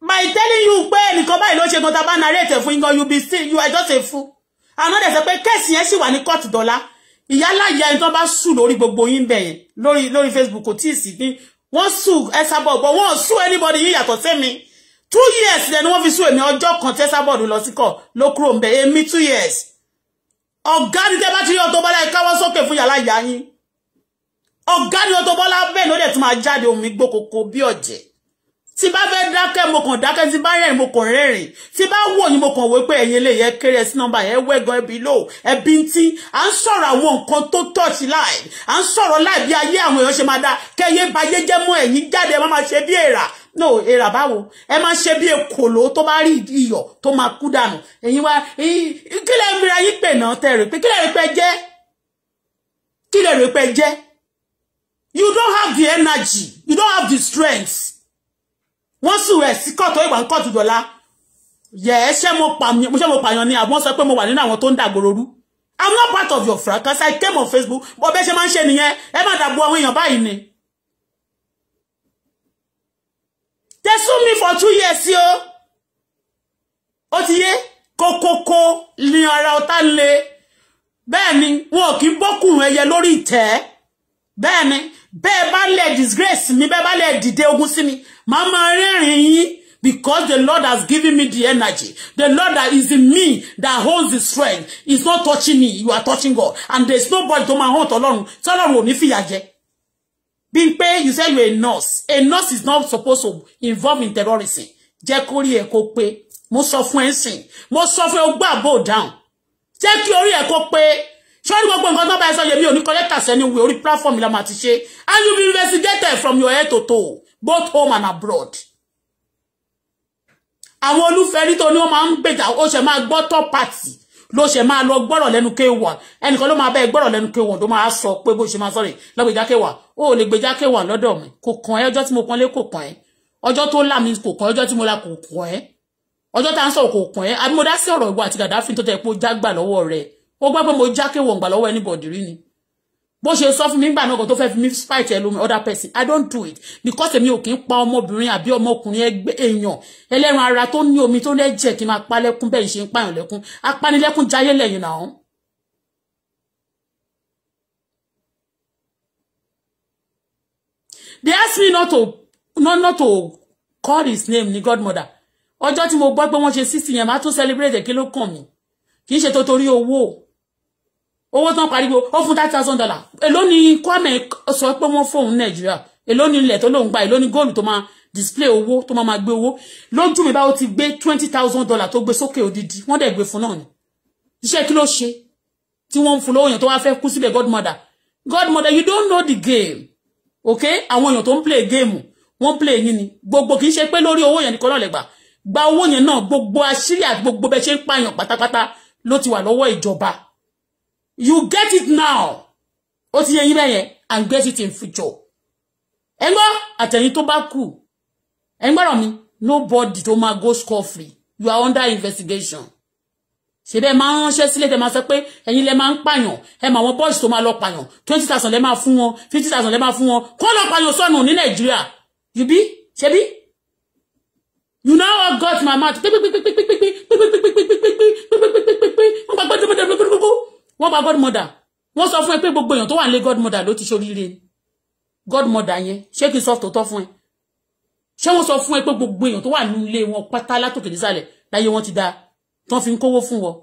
my telling you pé ẹnìkan báyìí ló ṣe gan ta bá narrate fún yín you be still you are just a fool àná dẹ̀ sọ pé kẹ́sì yẹn sì wà ní kóòtù dọ́là ìyálà ìyá ẹni tó bá sùn lórí gbogbo yín bẹ̀yẹn lórí lórí Facebook kò tí ì sí pín wọ́n sùn ẹ̀sàbọ̀ but wọ́n sùn anybody yín yàtọ̀ sẹ́mi two years lẹ́nu wọ́n fi sùn èmi ọjọ́ kan tẹ́sàbọ̀ lọ síkọ̀ ló kúrò ń bẹ̀ èmi two years ọ̀gá ni tẹ́ bá ti rí Auto Bola ẹ káwọ́ sókè fún yàrá ìyá yín ọ̀gá ni Auto Bola bẹ́ẹ̀ ló dẹ̀ tún máa jáde omi gbókòkò bí ọ̀jẹ̀ tí bá fẹ́ dákẹ́ mo kàn dákẹ́ tí bá rẹ́rìn mo kàn rẹ́rìn tí bá wò yín mo kàn wò pé ẹ̀yin lè yẹ kéré sí nọ́mbà yẹn wẹ́gan ẹbí lò ẹbí ń tí à ń sọ̀rọ̀ àwọn nǹkan touch life à ń sọ̀rọ̀ life bí ayé àwọn èèyàn ṣe máa dá kẹ́yẹ bayé jẹ́ mọ́ ẹ̀yin jáde ẹ má máa ṣe bí èèrà no èèrà báwo ẹ máa ṣe bí èkòló tó bá rí iyọ̀ tó máa kú dànù ẹ̀yin wá kí lẹ́ mìíràn yín pè náà tẹ̀ rè pé kí lẹ́ rè pé jẹ́ kí lẹ́ rè pé jẹ́ you don't have the energy you don't have the strength wọ́n sùn rẹ̀ sí kọ́ọ̀tù ìwà kọ́ọ̀tù dọ̀la yẹ ẹ ṣé mo pààyàn ni àbọ̀ sọ pé mo wà nínú àwọn tó ń dàgbòrò rú i'm not part of your fracas i came on facebook bọ́ bẹ́ẹ̀ ṣe máa ń ṣe nìyẹn ẹ má dàgbò àwọn èèyàn báyìí ni. they sue me for two years yo ó ti yé kókókó ni ara ọ̀tá le bẹ́ẹ̀ ni wọn kì í bọ́kùn ẹyẹ lórí bẹ́ẹ̀ ni bẹ́ẹ̀ bá lè disgrace mi bẹ́ẹ̀ bá lè dìde ogun sí mi màá máa rẹ́rìn yín because the Lord has given me the energy the Lord that is in me that holds the strength is not touching me you are touching God and there is nobody tó máa hàn tọ́lọ́run tọ́lọ́run ò ní fìyà jẹ Bímpé you say you are a nurse a nurse is not supposed to involve in terrorism jẹ́ kó rí ẹ̀ kó pé mo sọ fún ẹ̀ sìn mo sọ fún ẹ̀ ó gbà down jẹ́ kí orí ẹ̀ kó pé. Try gbogbo nǹkan tó bá ẹ sọ yẹmi ò ní collectors anyway orí platform la máa ti ṣe and you be investigated from your head to toe both home and abroad àwọn olúfẹ́rí tó ní wọ́n máa ń gbèjà ó ṣe máa gbọ́ top party ló ṣe máa lọ gbọ́rọ̀ lẹ́nu K1 ẹnìkan ló máa bẹ́ẹ̀ gbọ́rọ̀ lẹ́nu K1 tó máa sọ pé bó ṣe sorry. sọ̀rọ̀ lọ gbèjà K1 ó lè gbèjà K1 lọ́dọ̀ mi kò kàn ẹ́ ọjọ́ tí mo pọ́nlé kò kàn ẹ́ ọjọ́ tó là mí kò kàn ẹ́ ọjọ́ tí mo la kò kàn ẹ́ ọjọ́ tá à ń sọ̀rọ̀ kò kàn ẹ́ àbí mo dá sí ọ̀rọ̀ ìwọ àti Gaddafi tó tẹ̀ pé ó jágbà lọ́wọ́ ó gbọ́ pé mo jákè wọ̀ngbà lọ́wọ́ anybody rí ni bó ṣe sọ fún mi nígbà náà kó tó fẹ́ fi mi spite ẹlòmí other person i don't do it because èmi ò kí ń pa ọmọbìnrin àbí ọmọkùnrin ẹgbẹ́ èèyàn ẹlẹ́ran ara tó ní omi tó lẹ́jẹ̀ kí n máa pa lẹ́kún bẹ́ẹ̀ ṣe ń pààyàn lẹ́kún apanilẹ́kún jayé lẹ́yìn náà. they asked me not to not, not to call his name ni godmother ọjọ́ tí mo gbọ́ pé wọ́n ṣe sísì yẹn máa to celebrate kí kilo kàn mí kì í ṣe tó torí owó tán pariwo ó fún thirty thousand dollar èló ni Kwame sọ pé wọ́n fóun Nàìjíríà èló ni ilẹ̀ tó lóun gba èló ni góòlù tó máa display owó tó máa gbé owó lójú mi báwo ti gbé twenty thousand dollar tó gbé sókè odidi wọ́n dẹ̀ gbé fún náà ni iṣẹ́ kí ló ṣe tí wọ́n ń fún lọ́wọ́ èèyàn tó wá fẹ́ kú síbẹ̀ godmother godmother you don't know the game okay àwọn èèyàn tó ń play game wọ́n play yín ni gbogbo kì í ṣe pé lórí owó yẹn nìkan lọ́lẹ̀ gbà gba owó yẹn náà gbogbo àṣírí àti gbogbo bẹ́ẹ̀ ṣe ń pààyàn pátápátá ló ti wà lọ́wọ́ ìjọba you get it now ó ti yẹ yín and get it in future ẹ gbọ́ àtẹ̀yìn tó bá kù ẹ gbọ́dọ̀ mi nobody tó máa go score free you are under investigation ṣe be máa ń ránṣẹ́ sílé tẹ́ máa sọ pé ẹ̀yin lẹ máa ń pààyàn ẹ mọ àwọn bọ́ọ̀sì tó máa lọ pààyàn twenty thousand lẹ máa fún wọn fifty thousand lẹ máa fún wọn kó lọ pààyàn sọnù ní nàìjíríà you be ṣe bí you now all got my mouth wọ́n pa godmother wọ́n sọ fún ẹ pé gbogbo èèyàn tó wà nílé godmother ló ti ṣoríire godmother yẹn ṣé kí n sọ tòótọ́ fún ẹ ṣé wọ́n sọ fún ẹ pé gbogbo èèyàn tó wà nílé wọn pátá látòkè nísàlẹ̀ láyé wọn ti da tán fi ń kówó fún wọn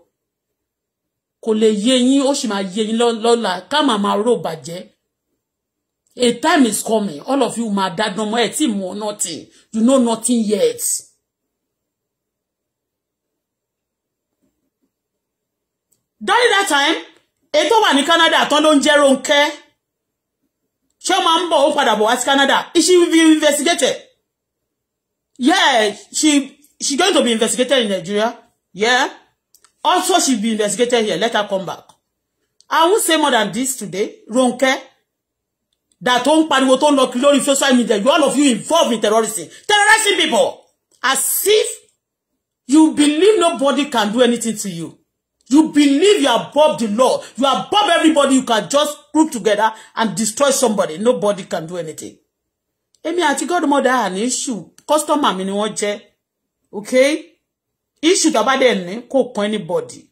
kò lè yé yín ó sì máa yé yín lọ́la ká máa máa bàjẹ́ a time is coming all of you máa dá dánmọ́ ẹ̀ tí mọ̀ nothing you know nothing yet. during that time èyí tó wà ní Canada tán ló ń jẹ́ She ṣé ó máa ń bọ̀ ó padà Canada she will be investigated yeah she she going to be investigated in Nigeria yeah also she be investigated here let her come back I won't say more than this today Rónkẹ́ that tó ń pariwo tó ń lọ lórí social media you all of you involved in terrorism terrorizing people as if you believe nobody can do anything to you You believe you are above the law. You are above everybody. You can just group together and destroy somebody. Nobody can do anything. Èmi àti godmother an issue. Customer mi ni wọ́n jẹ́. Okay? Issue tá ba dé ni ko kan anybody.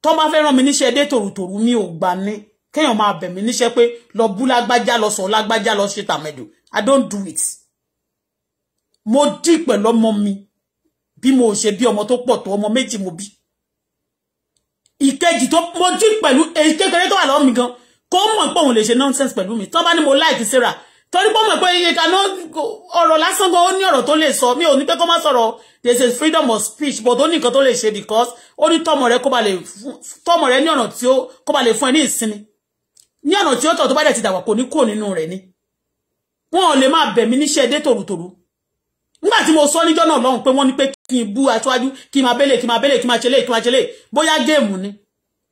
Tó bá fẹ́ rán mi níṣẹ́ dé toru toru mi ò gbà ni. Kéèyàn máa bẹ̀ mí níṣẹ́ pé lọ bú lágbájá lọ sọ lágbájá lọ ṣe tamedo. I don't do it. Mo di pẹ̀lú ọmọ mi. Bí mo ṣe bí ọmọ tó pọ̀ tó ọmọ méjì mo bí ìkejì tó mojú pẹ̀lú èyí kékeré tó wà lọ́wọ́ mi gan kó mọ̀ pé òun lè ṣe nonsense pẹ̀lú mi tán bá ní mo like Sarah torí pé mọ̀ pé iye kaná ọ̀rọ̀ lásán gan ó ní ọ̀rọ̀ tó lè sọ mi ò ní pé kó má sọ̀rọ̀ there is freedom of speech but ó ní nǹkan tó lè ṣe because ó ní tọmọ rẹ kó ba lè tọmọ rẹ ní ọ̀nà tí ó kó ba lè fún ẹ ní ìsinmi ní ọ̀nà tí ó tọ̀ tó bá dẹ̀ ti dàgbà kò ní kúrò nínú rẹ̀ ni wọn ò lè máa bẹ̀ níṣẹ́ dé tòrutòru nígbà tí mo sọ níjọ́ náà lọ́hùn pé wọ́n ní pé kí n bú aṣáájú kí n máa bẹ́lẹ̀ kí n máa bẹ́lẹ̀ kí n máa ṣẹlẹ̀ kí n máa ṣẹlẹ̀ bóyá géèmù ni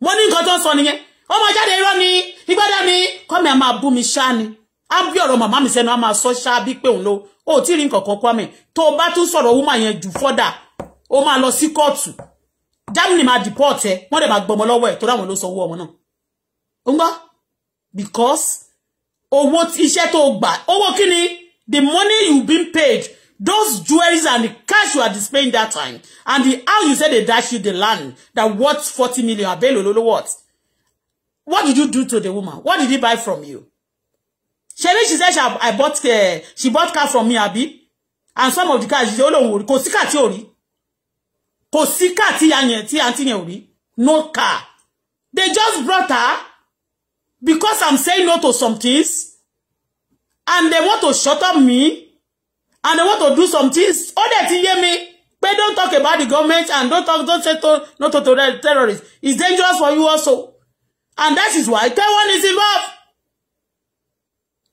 mo ní nǹkan tó ń sọ nìyẹn ó jáde irọ́ ni ìgbádà mi kọ́mi a máa bú mi ṣá ni á bí ọ̀rọ̀ màmá mi sẹ́nu á máa sọ ṣá bí pé òun lo ó tí rí nǹkan kan Kwame tó o bá tún sọ̀rọ̀ wúmà yẹn jù fọ́dà ó máa lọ sí kóòtù Germany máa deport ẹ the money you been paid those jewelries and the cash you are displaying that time and the how you said they dash you the land that worth 40 million abelololo what what did you do to the woman what did he buy from you ṣebí she said she, I bought uh, she bought car from me abi and some of the cars she olóhùn kò sí car tí ò rí kò sí car anye yẹn tí àǹtí no car they just brought her because I'm saying no to some things and they want to shut up me and they want to do some things All that you hear me, but don't talk about the government and don't talk don't say to, not to, to terrorists it's dangerous for you also and that is why Taiwan is involved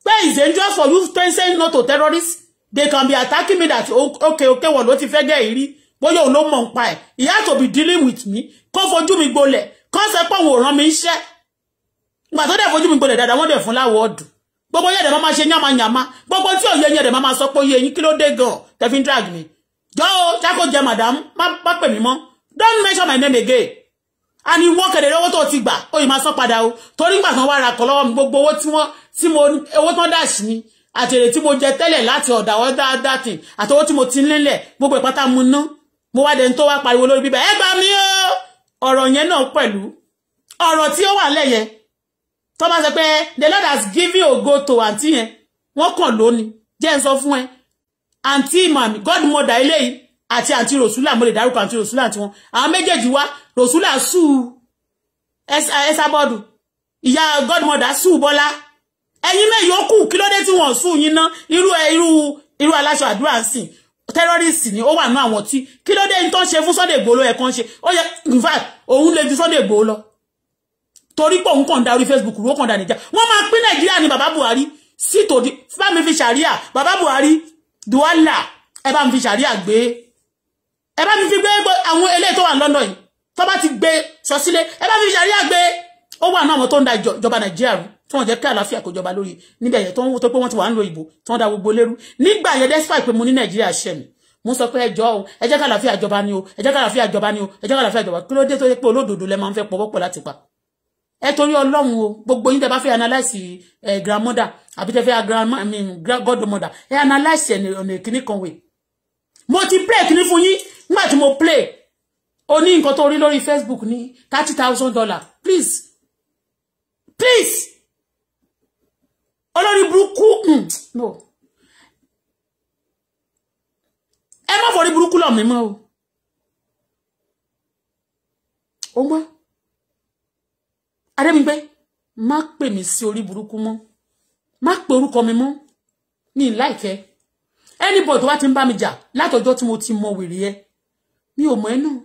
pé it's dangerous for you to say not to terrorists they can be attacking me that okay okay wọn What if I get ìrí But òun ló mọ̀ ń he has to be dealing with me kó fojú mi gbolẹ̀ kó sẹ́pọ̀ wòran mi ń ṣẹ́ gbà tó dẹ̀ fojú mi gbolẹ̀ dáadáa wọ́n dẹ̀ fún láwọ̀ word gbogbo yẹ̀dẹ̀ máa ma ṣe yánmayànmá gbogbo tí òye yẹ̀dẹ̀ máa ma sọ pé oyè yín kí ló dé gan tẹ̀fín drag mi jọ́ o jákò jẹ madam má pè mí mọ́ don't mention my name again àní wọ́n kẹ̀dẹ̀ lọ́wọ́ tó ti gbà ó yìí máa sọ padà o torí gbà kan wá ra kọ́ lọ́wọ́ mi gbogbo owó tí wọ́n tí mo owó tán dàṣì ni àtẹ̀rẹ̀ tí mo jẹ tẹ́lẹ̀ láti ọ̀dà wọn dáadáa tì àti owó tí mo ti nílẹ̀ gbogbo ìpátá mu ná mo wá dẹni tó wá pariwo lórí bíbá ẹ gbà mí o ọ̀rọ̀ yẹn náà pẹ̀lú ọ̀rọ̀ tí ó wà lẹ́yẹn Thomas, máa the lord has given you go to àǹtí yẹn wọ́n kàn lónìí jẹ́ ń sọ fún ẹ àǹtí màmí godmother eléyìí àti àǹtí rosula mo lè dárúkọ àǹtí rosula àti wọn àwọn méjèèjì wá rosula sù ẹsàbọdù eh, ìyá godmother sù bọlá bola. mẹ́yìn ó kù kí ló dé tí wọ́n sù yín ná irú eh, irú iru aláṣọ àdúrà ń sìn tẹ́rọ́rìsì ni ó wà ní àwọn tí kí ló dé ní tó ń ṣe fún Sunday Igboho ẹ̀kan ṣe ó yẹ in fact òun lè ju Sunday Igboho torí pé òun da orí Facebook ró kàn da nìjà wọ́n máa pín nàìjíríà ní bàbá buhari sí tòdí bá mi fi ṣàríà bàbá buhari duwala ẹ bá mi fi ṣàríà gbé ẹ bá mi fi gbé àwọn eléyìí tó wà London yìí tó bá ti gbé sọ sílé ẹ bá mi fi ṣàríà gbé ó wà ní àwọn tó ń da ìjọba nàìjíríà rú tí wọ́n jẹ́ kí àlàáfíà kò jọba lórí níbẹ̀ yẹn tó ń tó pé wọ́n ti wà ń lo ìbò tí wọ́n da gbogbo lérú nígbà yẹn despite pé mo ní nàìjíríà ṣẹ̀ mi mo sọ pé ẹjọ́ o ẹ jẹ́ kí àlàáfíà ni o ẹ jẹ́ kí àlàáfíà ni o ẹ jẹ́ kí àlàáfíà jọba kí ló dé tó yẹ pé olódodo lẹ máa pa ẹ torí ọlọ́run o gbogbo yín tẹ bá fẹ́ analyse ẹ grandmother àbí tẹ fẹ́ grandma mi godmother ẹ analyse ẹ ọ̀nà ìkíní kan wẹ̀ mo ti play kíní fún yín nígbà tí mo play o ní nǹkan tó rí lórí Facebook ní thirty thousand dollar please please olórí burúkú hmm, no ẹ má forí burúkú lọ mímọ́ o ó mọ́ adémigbé má pè mí sí orí burúkú mọ́ má pe orúkọ mi mọ́ ní ìláìkẹ́ anybody tó bá ti ń bá mi jà látọjọ́ tí mo ti mọ wèrè ẹ mi ò mọ ẹ náà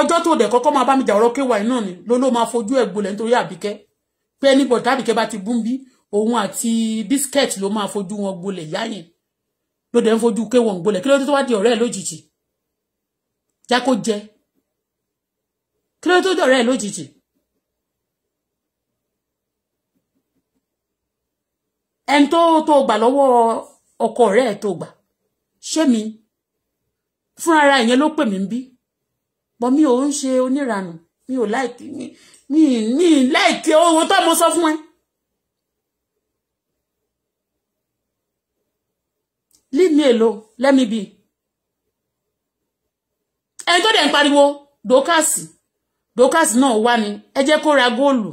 ọjọ́ tó dẹ̀ kọ́kọ́ máa bá mi jà ọ̀rọ̀ kéwà ẹ̀ náà ni ló ló máa fojú ẹ̀ gbolẹ̀ nítorí àbíkẹ́ pé anybody tábìkẹ́ bá ti bú bí òun àti biscuit ló máa fojú wọn gbolẹ̀ yáyìn ló dẹ̀ ń fojú kéwọ̀n gbolẹ̀ kí ló tó wá di ọ̀rẹ́ ẹ̀ lójijì já kó jẹ kí ló tó di ọ̀rẹ́ ẹ̀ lójijì ẹni tó tó gbà lọ́wọ́ ọkọ rẹ̀ ẹ̀ tó gbà ṣé mi fúnra ìyẹn ló pè mí ń bí bọ́ mi ò ń ṣe oníranù mi ò láìkí mi mi mi láìkí ohun tó mo sọ fún ẹ. leave me alone let me be ẹni tó dẹ̀ ń pariwo dókàsì dókàsì náà wá ni ẹ jẹ́ kó ra góòlù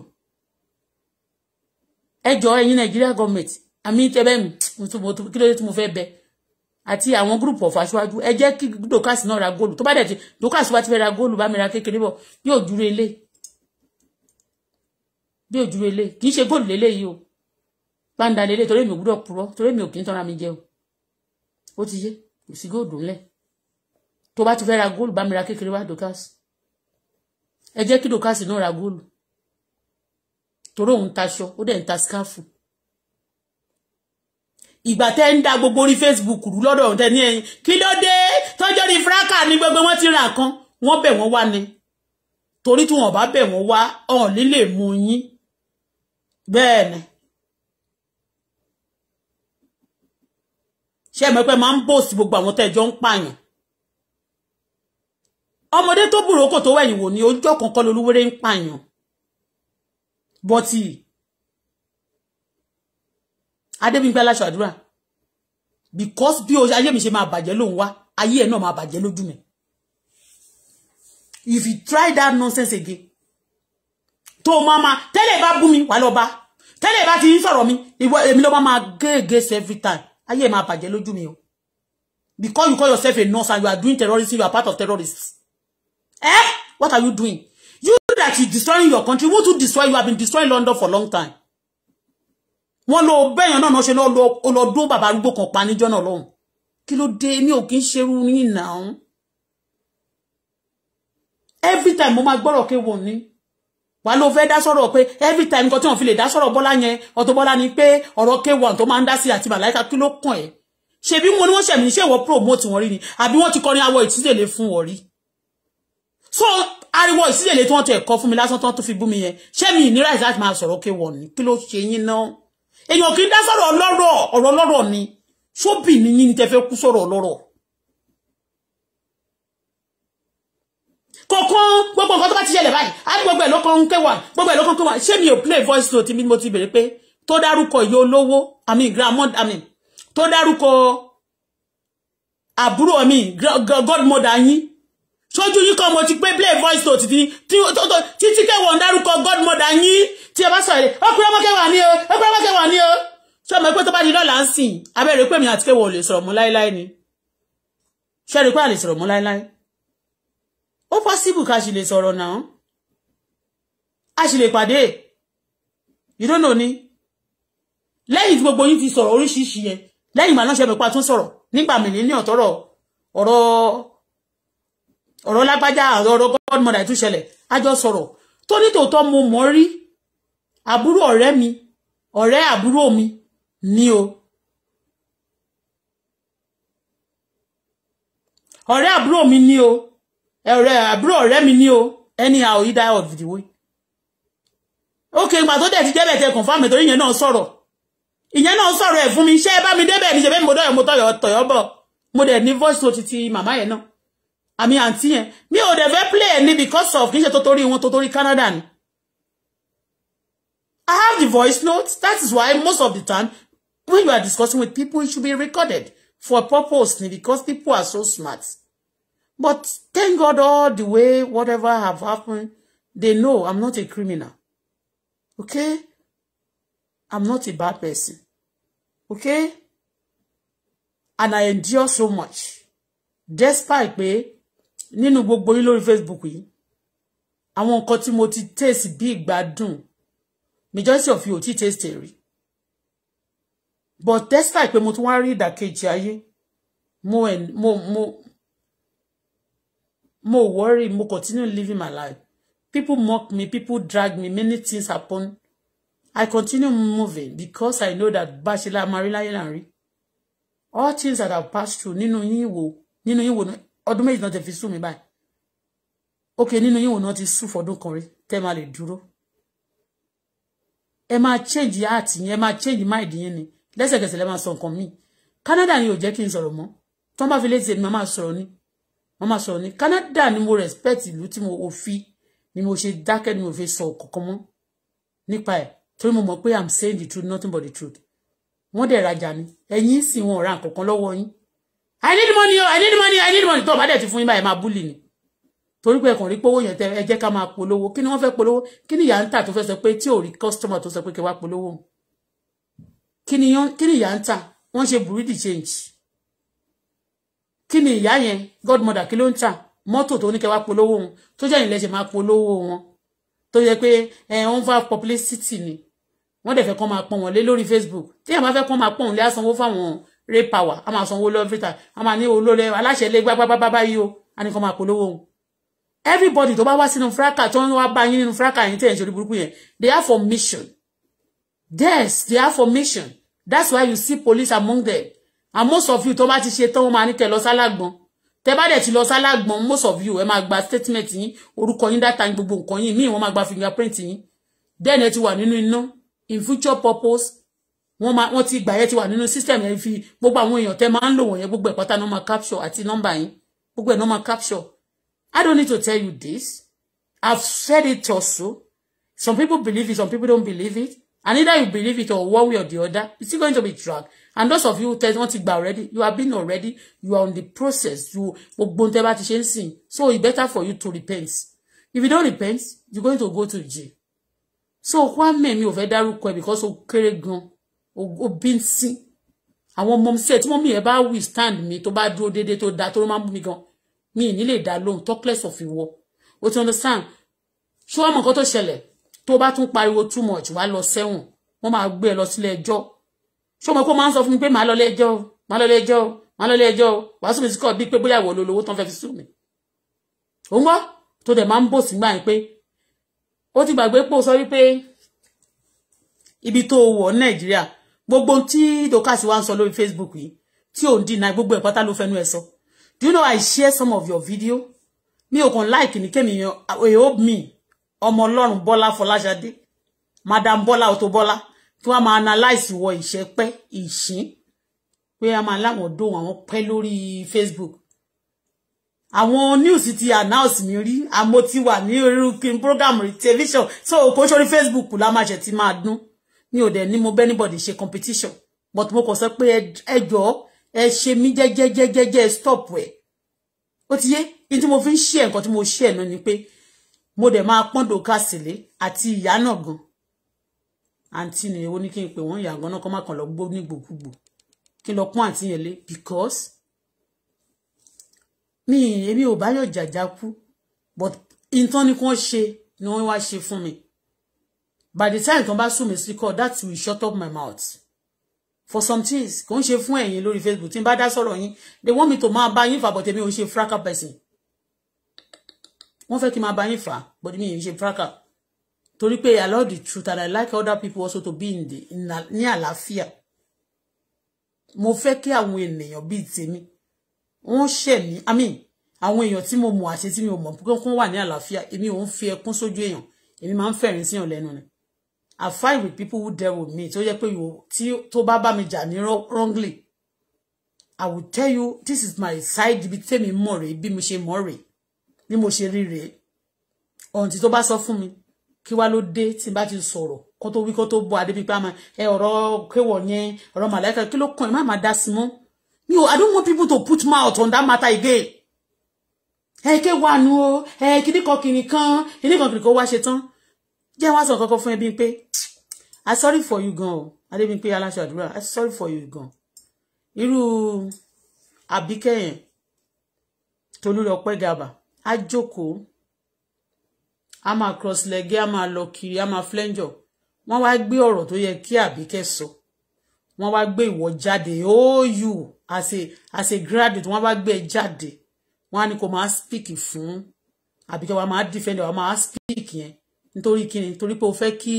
ẹ ẹ̀yin nàìjíríà gọọmenti àmì tẹ́bẹ̀ kí ló dé tí mo fẹ́ bẹ àti àwọn gúrùpù ọ̀fọ̀ aṣáájú ẹ jẹ́ kí dókàsì náà ra góòlù tó bá dẹ̀ ti dókàsì bá ti fẹ́ ra góòlù bá mi ra kékeré bọ̀ yóò dúró ilé bí òdúró ilé kì í ṣe góòlù lélẹ́yìí o gbáǹda lélẹ́ torí mi ò gbúdọ̀ purọ́ torí mi ò kì í tanra mi jẹ o ó ti yé kò sí góòlù ńlẹ̀ tó bá ti fẹ́ ra góòlù bá mi ra kékeré wá dókàsì ẹ jẹ́ kí dókàsì náà ra góòlù torí òun taṣọ ó dẹ̀ ń ta skáfù ìgbà tẹ́ ń da gbogbo orí Facebook rú lọ́dọ̀ ọ̀hún tẹ́ ní ẹ̀yìn kí ló dé tọ́jọ́ ní fúráká ní gbogbo wọn ti ra kan wọ́n bẹ̀ wọ́n wá ni torí tí wọ́n bá bẹ̀ wọ́n wá ọ̀hún lílè mú yín bẹ́ẹ̀ ni ṣé ẹ̀mọ́ pé máa ń bòsì gbogbo àwọn tẹ́jọ́ ń pààyàn ọmọdé tó bùrọ̀kọ̀ tó wẹ̀yìn wò ni ojú ọ̀kọ̀ọ̀kan lolúwéré ń pààyàn bọ́tì adébíyìnpé aláṣọ àdúrà because bí ayé mi ṣe máa bàjẹ́ lòun wá ayé ẹ̀ náà máa bàjẹ́ lójú mi if you try that nonsense again tó Mama. máa ma tẹ́lẹ̀ bá bú mi wà lọ́ba tẹ́lẹ̀ bá ti ń sọ̀rọ̀ mi ìwọ èmi ló máa ma gégé every time ayé ẹ̀ máa bàjẹ́ lójú mi o because you call yourself a nurse and you are doing terrorism you are part of terrorists eh what are you doing you that you destroying your country who to destroy you have been destroying London for a long time wọ́n lọ bẹ́yàn náà ṣe lọ dó bàbá arúgbó kan pa níjọ́ náà lọ́hùn kí ló dé mi ò kí ń ṣerú yín náà every time mo máa gbọ́rọ̀ kéwò ní wà ló fẹ́ dá sọ̀rọ̀ pé every time nǹkan tí wọ́n fi lè dá sọ̀rọ̀ bọ́lá yẹn Auto Bola ni pé ọ̀rọ̀ kéwò tó máa ń dá sí àti màláìka kí ló kàn ẹ́ ṣe bí wọn ni wọ́n ṣẹ̀mí ṣé ìwọ promote wọn rí ni àbí wọ́n ti kọrin awọ ìtísèlè fún wọn rí so ariwo ìtísèlè tí wọ́n ti ẹ̀kọ́ fún mi lásán tán tó fi bú mi yẹn ṣé mi ìnira ìsáàtì máa sọ̀rọ̀ kéwò ní kí ló ṣe yín náà èèyàn kì í dá sọ̀rọ̀ ọlọ́rọ̀ ọ̀rọ̀ ọlọ́rọ̀ ni ṣóbì ni yín ni tẹ fẹ́ kú sọ̀rọ̀ ọlọ́rọ̀ kọ̀ọ̀kan gbogbo nǹkan tó bá ti ṣẹlẹ̀ báyìí á ní gbogbo ẹ̀ ló kàn ń kéwà gbogbo ẹ̀ ló kàn ń kéwà ṣé mi ò play voice note mi mo ti bèrè pé tó dárúkọ ìyá olówó àmì grandmother àmì tó dárúkọ àbúrò mi godmother yín sójú yìí kan mo ti gbé play voice note ti títí kẹwọ̀ ń dárúkọ godmother yín tí ẹ bá sọ̀rọ̀ ọkùnrin ọmọ kẹwàá ni o ọkùnrin ọmọ kẹwàá ni o ṣé ọmọ ẹgbẹ́ tó bá di lọ́la ń sìn abẹ́rẹ́ pé mi àti kẹwọ̀ ò lè sọ̀rọ̀ mú láéláé ni ṣé ẹ̀rí pé à lè sọ̀rọ̀ mú láéláé ó possible ká sì lè sọ̀rọ̀ náà a sì lè pàdé you don't know ni lẹ́yìn tí gbogbo yín ti sọ̀rọ̀ oríṣiríṣi yẹn lẹ́yìn màá náà ṣe mẹ́pa tún sọ̀rọ̀ nígbà mílíọ̀nù ọ̀tọ̀rọ̀ ọ̀rọ̀ ọ̀rọ̀ lágbájá ọ̀rọ̀ godmother tún ṣẹlẹ̀ a jọ sọ̀rọ̀ tó ní tòótọ́ mo mọ̀ rí àbúrò ọ̀rẹ́ mi ọ̀rẹ́ àbúrò mi ní o ọ̀rẹ́ àbúrò mi ní o ọ̀rẹ́ àbúrò ọ̀rẹ́ mi ní o anyhow he die of the way okay ìgbà tó dẹ̀ ti débẹ̀ tẹ confam torí ìyẹn náà sọ̀rọ̀ ìyẹn náà sọ̀rọ̀ ẹ̀ fún mi ṣé ẹ bá mi débẹ̀ níṣẹ́ bẹ́ẹ̀ mo dọ̀yọ̀ mo tọ̀yọ̀ tọ̀yọ̀ bọ̀ mo dẹ̀ ní voice note ti màmá yẹn náà àmì àǹtí yẹn mi ò dẹ̀ fẹ́ play ẹ̀ because of kì í ṣe tó torí wọn tó torí Canada ni. I have the voice notes. That is why most of the time when you are discussing with people, it should be recorded for a purpose because people are so smart. But thank God all the way, whatever have happened, they know I'm not a criminal. Okay? I'm not a bad person. Okay? And I endure so much. Despite pé nínú gbogbo yín lórí Facebook yìí àwọn nǹkan tí mo ti taste bí ìgbádùn majority of you ò ti taste rí but despite pé mo tún wá rí ìdàkejì ayé mo mo mo mo worry mo continue living my life people mock me people drag me many things happen I continue moving because I know that bá ṣe la all things that have passed through nínú yín wò nínú yín wò náà ọdún méjì náà tẹ fi sùn mí báyìí ókè nínú yíwọ̀n náà ti sùn fọdún kan rí tẹ́ máa lè dúró ẹ máa change heart yẹn ẹ máa change mind yẹn ni lẹ́sẹ̀kẹsẹ̀ lẹ́ máa sọ nǹkan míì Canada ni ò jẹ́ kí n sọ̀rọ̀ mọ́ tí wọ́n bá fi létí èmi máa sọ̀rọ̀ ni máa sọ̀rọ̀ ni Canada ni mo respect ìlú tí mo ò fi ni mo ṣe dákẹ́ ni mo fi sọ kọ̀ọ̀kan mọ́ nípa ẹ̀ torí mo mọ̀ pé am saying the truth nothing but the truth wọ́n dẹ̀ rajà ni ẹ̀yin sì wọn ò ra nǹkan kan lọ́wọ́ yín I need money oh, I need money I need money tó o bá dẹ̀ ti fún yín báyìí máa búlì ni torí pé ẹkùnrin pówó yẹn tẹ ẹ jẹ́ ká máa polówó kí ni wọ́n fẹ́ polówó kí ni ìyá ń tà tó fẹ́ sọ pé tí ò rí customer tó sọ pé kí wá polówó kí ni ìyá ń tà wọ́n ṣe burúdi change kí ni ìyá yẹn godmother kí ló ń tà mọ́tò tó ní kẹwàá polówó wọn tó jẹ́ ìlẹ̀ ṣe máa polówó wọn tó yẹ pé ẹ̀ ń fa publicity ni wọ́n dẹ̀ fẹ́ kọ́ máa pọ́n wọn lé lórí Facebook tí àwọn bá fẹ́ kọ́ máa pọ́n wọn lé àsanwó fáwọn ray power a máa sanwó lọ every time a máa ní olóore aláṣẹ lé gbágbágbágbá yìí o a ní kàn máa polówó òun everybody to bá wá sínú fraka tó ń wá bá yín fraka yín tẹ̀ ń ṣorí burúkú they are for mission yes they are for mission that's why you see police among them and most of you tó bá ti ṣe tán wọn máa ní kẹ lọ sálágbọn tẹ bá dẹ̀ ti lọ sálágbọn most of you ẹ máa gba statement yín orúkọ yín data yín gbogbo nǹkan yín míì wọn máa gba fingerprint yín then ẹ ti wà nínú iná in future purpose wọ́n máa wọ́n ti gbà yẹn ti wà nínú system yẹn fi gbogbo àwọn èèyàn tẹ́ máa ń lò wọ́n yẹn gbogbo ẹ̀ pátá náà máa capture àti nọ́mbà yín gbogbo ẹ̀ náà máa capture I don't need to tell you this I've said it also some people believe it some people don't believe it and either you believe it or one way or the other it's still going to be dragged and those of you who tell wọ́n ti gbà already you have been already you are on the process you gbogbo tẹ́ bá ti ṣe ń sìn so it's better for you to repent if you don't repent you're going to go to jail so Kwame mi ò fẹ́ dárúkọ ẹ̀ because ó kéré gan-an obinsin àwọn ọmọ mi sí ẹ tí mọ́mí ẹ bá withstand mi tó bá dúró déédéé tó dáa tó ló máa ń bú mi gan mi ì ní dá lóhùn talk of ìwọ o ti understand ṣé wọ́n mọ̀ nǹkan tó ṣẹlẹ̀ tó bá tún pariwo too much wàá lọ sẹ́wọ̀n wọ́n máa gbé ẹ lọ sílé ẹjọ́ ṣé ọmọ kó máa ń sọ fún mi pé màá lọ lẹ́jọ́ màá lọ lẹ́jọ́ màá lọ lẹ́jọ́ wàá sùn mi sí kọ́ bíi pé bóyá ìwọ ló lówó tán fẹ́ fi sùn mi òun gbọ́ tó dẹ̀ máa ń bò sígbà yín pé ó ti gbàgbé pò sọ wípé ibi tó wọ̀ Nàìjíríà gbogbo tí Dorcas wá ń sọ lórí Facebook yìí tí ò ń dínà gbogbo ẹ̀ pátá ló fẹ́nu ẹ̀ sọ do you know I share some of your video mi ò kàn like ní kémi yan I hope me ọmọ ọlọ́run Bọ́lá Fọláṣadé Madam Bọ́lá Auto Bọ́lá kí wọ́n máa analyse wọ ìṣẹ́pẹ́ ìṣín pé a máa láwọn dóhùn àwọn pẹ́ lórí Facebook àwọn news ti announce mi rí àmọ́ ti wà ní orí program television so kò sórí Facebook la máa ṣe ti máa dún mi o dẹ̀ ni mo bẹ́nibọ̀dì ṣe competition but mo kàn sọ pé ẹ jọ̀ọ́ ẹ ṣe mí jẹ́jẹ́jẹ́jẹ́ stop ẹ̀ ó ti yé ní tí mo fi ń ṣe nǹkan tí mo ṣe ẹ̀nu ni pé mo dẹ̀ máa pọ́n dòka ati àti ìyá gan àǹtí ni ó ní kí n pè wọ́n ìyá gan náà kọ́ má kàn lọ gbó ní gbògbògbò kí n lọ pọ́n àǹtí yẹn because mi èmi ò báyọ̀ jàjà kú but nǹkan ni kí wọ́n ṣe ni wọ́n wá ṣe fún mi by the time tó ń bá sùn mí sí that will shut up my mouth for some things kò ń ṣe fún ẹ̀yin lórí facebook tí n bá dá sọ̀rọ̀ yín they want me to máa bá yín fà but èmi ò ń ṣe fraka person wọ́n fẹ́ kí n máa bá yín but èmi ò ń ṣe fraka torí i love the truth and i like other people also to be in the in ní àlàáfíà mo fẹ́ kí àwọn ènìyàn bíi tèmi wọ́n ṣẹ̀ mí i mean àwọn èèyàn ti mo mọ̀ àti tí mi ò mo. pé kí wọ́n wà ní emi èmi ò ń fi ẹkún sójú èèyàn èmi máa ń fẹ̀rín síyàn lẹ́nu ni. I fight with people who deal with me. So yẹ pé you tí to bá bá mi jà ní wrongly. I will tell you this is my side bí tèmi mọ̀ rèé bí mo ṣe mọ̀ rèé bí mo ṣe rí rèé. Ohun tí tó bá sọ fún mi kí wá ló dé tí n bá ti sọ̀rọ̀ kó tó wí kó tó bọ́ Adébíyí pé àmọ́ ẹ ọ̀rọ̀ kéwọ̀ yẹn ọ̀rọ̀ màláìka kí ló kàn ẹ́ má máa dá sí mọ́. Mi I don't want people to put mouth on that matter again. Ẹ ke wà nù o, ẹ kíníkan kìnìkan, kíníkan kìnìkan wá ṣe tán jẹ́ wá sọ kankan fún ẹbí pé i sorry for you gan o adébíyí aláṣọ àdúrà i sorry for you gan irú àbíkẹ́ yẹn tolúlọpẹ́ gàbà á jókòó á máa cross leg á máa lọ kiri a máa flenjọ wọ́n wá gbé ọ̀rọ̀ tó yẹ kí àbíkẹ́ sọ wọ́n wá gbé ìwọ jáde oh you as a as a graduate wọ́n wá gbé ẹ jáde wọ́n á ní kó máa speak fún àbíkẹ́ wa máa defend wa máa speak yẹn nítorí kíni torí pé o fẹ́ kí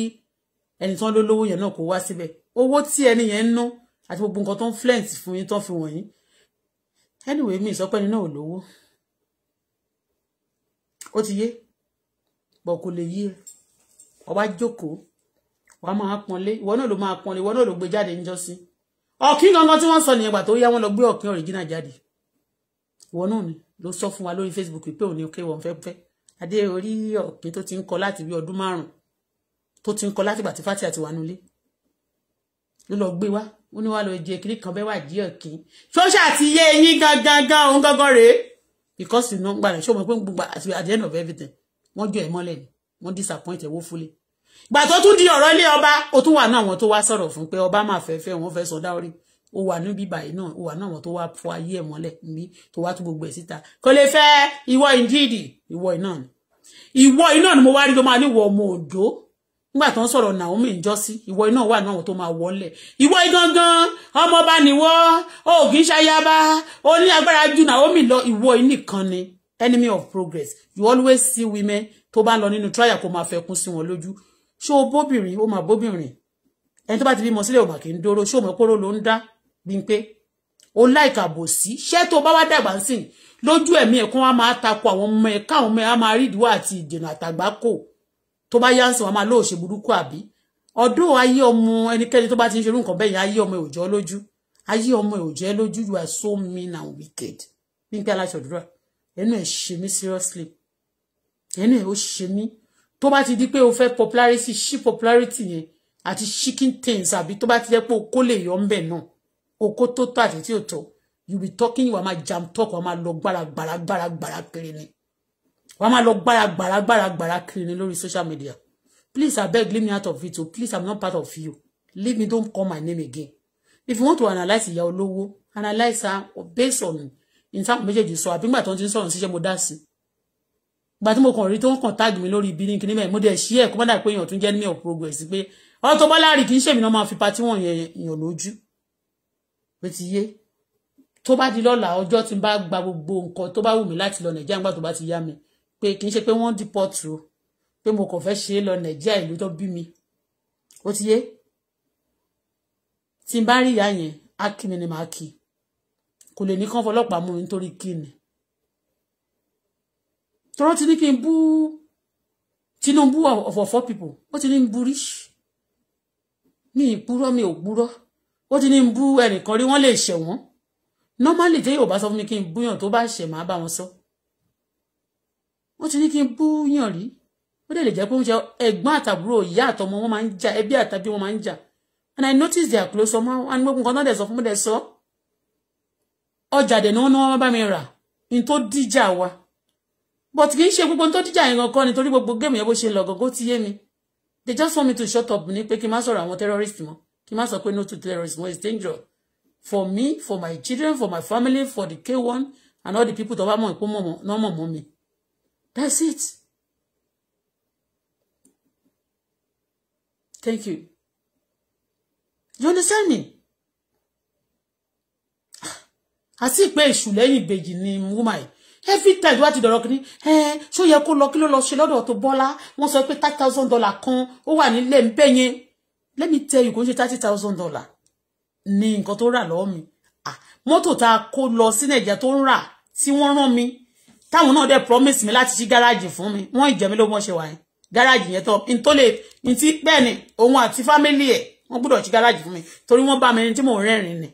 ẹni tán ló lówó yẹn náà kó wá síbẹ̀ owó tí ẹni yẹn ń ná àti gbogbo nǹkan tó ń flint fún yín tán fi wọ̀nyí anyway mi ìsọpẹ́ ni náà ò lówó ó ti yé bọ̀ kò lè yí ẹ ọba jókòó wàá máa pọnlé ìwọ náà ló máa pọnlé ìwọ náà ló gbé jáde níjọ́ sí ọ̀kín gangan tí wọ́n sọ nìyẹn gbà tó yá wọn lọ gbé ọ̀kín ọ̀rìjìnà jáde ìwọ náà ni ló sọ fún wa lórí Facebook pé òun ni ó kéwọ́n fẹ́ fẹ́ adé orí ọ̀pẹ tó ti ń kọ láti bí ọdún márùn-ún tó ti ń kọ láti gbàtí fátì àti wànúlé ló lọ gbé wá ó ní wá lọ jẹ kiri kan bẹ́ẹ̀ wà jí ọ̀kí ṣóṣà ti yé eyín gangan òun gangan rèé because you know gbàdá ṣó mọ̀ pé gbogbo àti at the end of everything wọ́n jọ ẹ̀ mọ́lẹ̀ ni wọ́n disappoint ẹ̀ woefully gbà tó tún di ọ̀rọ̀ ilé ọba ó tún wà náà àwọn tó wá sọ̀rọ̀ fún pé ọba máa fẹ́ fẹ́ wọn fẹ́ sọ dáorí ó wà níbí báyìí náà ó wà náà wọn tó wá fọ ayé ẹ̀ mọ́lẹ̀ níbí tó wá tú gbogbo ẹ̀ síta kò lè fẹ́ ìwọ ìdíìdì ìwọ iná ni ìwọ iná ni mo wá rí tó máa níwọ ọmọ òdó nígbà tó ń sọ̀rọ̀ Naomi ń jọ́sí ìwọ iná wà náà wọn tó máa wọlé ìwọ igangan ọmọọba nìwọ o ṣayaba ó ní agbára ju Naomi lọ ìwọ nìkan ni enemy of progress you always see women tó bá ń lọ nínú trial kó máa fẹ́ sí wọn lójú ṣé o bóbìnrin ó máa bóbìnrin ẹni tó bá ti bímọ sílẹ̀ ò mà kì í dóró ṣé o mọ̀ pé ló ń dá Bímpé ó láìka àbòsí ṣé tó bá wá dàgbà ń sìn lójú ẹ̀mí ẹ̀ kó wá máa takò àwọn ọmọ ẹ̀ káwọn ọmọ ẹ̀ á máa rí ìdíwọ́ àti ìdènà àtàgbà kò tó bá yánsìn wọn máa lóò ṣe burúkú àbí ọdún ayé ọmọ ẹnikẹ́ni tó bá ti ń ṣerú nǹkan bẹ́ẹ̀ yẹn ayé ọmọ ẹ̀ ò jẹ́ lójú ayé ọmọ ẹ̀ you are so mean and wicked Bímpé Aláṣọdúrà ẹnu ẹ̀ ṣe mí seriously ẹnu ẹ̀ ó ṣe mí tó bá ti di pé o fẹ́ popularity ṣí popularity yẹn àti chicken things àbí tó bá ti jẹ́ pé o kó lè yọ ńbẹ̀ náà okó tó tó àti tí ò tó you be talking You wàá máa jam talk wàá máa lọ gbára gbára gbára gbára kiri ni wàá máa lọ gbára gbára gbára gbára kiri ni lórí social media please abeg leave me out of it o oh. please i'm not part of you leave me don't call my name again if you want to analyse ìyá olówó analyse her based on ìtàkùn méjèèjì sọ àbí gbà tó ti ń sọ̀rọ̀ síṣẹ́ mo dá sí gbà tí mo kàn rí tó ń kàn táàgì mi lórí ibi ní kinní mẹ́rin mo dẹ̀ ṣí ẹ̀ kó má dà pé èèyàn tún jẹ́ enemy of progress pé ọ̀tọ̀ bọ́lá rí kì í ṣèmi náà máa fi patí wọ̀nyẹn èèyàn lójú ló ti yé tó bá di lọ́la ọjọ́ tí n bá gba gbogbo nǹkan tó bá wù mí láti lọ nàìjíríà nígbà tó bá ti yá mi pé kì í ṣe pé wọ́n deport o pé mo kàn fẹ́ ṣe é lọ nàìjíríà ìlú tó bí mi ó ti yé tí n bá rí ìyá yẹn á kí mi ni màá kí kò lè ní kán fọlọ́pàá mú mi nítorí kí ni tọ́rọ́ ti ní kí n bú Tinubu of of all people ó ti ní n bú mi ì purọ́ mi ò purọ́ ó ti ní bú ẹnìkan rí wọ́n lè ṣẹ̀ wọ́n normally téyàn ò bá sọ fún mi kí n búyàn tó bá ṣẹ̀ máa bá wọn sọ wọ́n ti ní kí n búyàn rí ó dẹ̀ lè jẹ́ pé oúnjẹ ẹ̀gbọ́n àtàbúrò ìyá àtọmọ wọn máa ń jà ẹbí àtàbí wọn máa ń jà and I notice their close ọmọ and gbogbo nǹkan náà dẹ̀ sọ fún mi dẹ̀ sọ ọjà dẹ̀ ni wọ́n ní wọ́n bá mi rà ní tó díjà wa but kì í ṣe gbogbo tó díjà yẹn kan nítorí gbogbo géèmù yẹn bó ṣe lọ gọgọ tí yé mi they just want me to shut up ní pé kí n má sọ̀rọ̀ àwọn terrorist mọ́ kí n má sọ pé no to terrorism what it's danger for me for my children for my family for the k one and all the people tó bá mọ̀ ìpó mọ̀ náà mọ̀ mọ́ mi that's it thank you you understand me ah, àti ìpè èṣù lẹ́yìn ìbejì ni woman every time wá ti dọ̀rọ̀ kìíní ẹ ṣó yẹ kó lọ kí ló lọ ṣe lọ́dọ̀ tó bọ́lá wọ́n sọ pé thirty thousand dollar kan ó wà nílé ń bẹ́yẹn let me tell you kò ń ṣe thirty thousand dollar ní nǹkan tó rà lọ́wọ́ mi ah. tá a kó lọ Si nàìjíríà tó ń rà tí wọ́n rán mi táwọn náà dẹ̀ promise mi láti ṣí gáràjì fún mi wọ́n ìjẹ́mi ló wọ́n ṣe wà wa. Garage yẹn tó n tó lè n ti bẹ́ẹ̀ ni òun àti fámílì ẹ̀ wọ́n gbọ́dọ̀ ṣí gáràjì fún mi torí wọ́n bá mi ní tí mò ń ni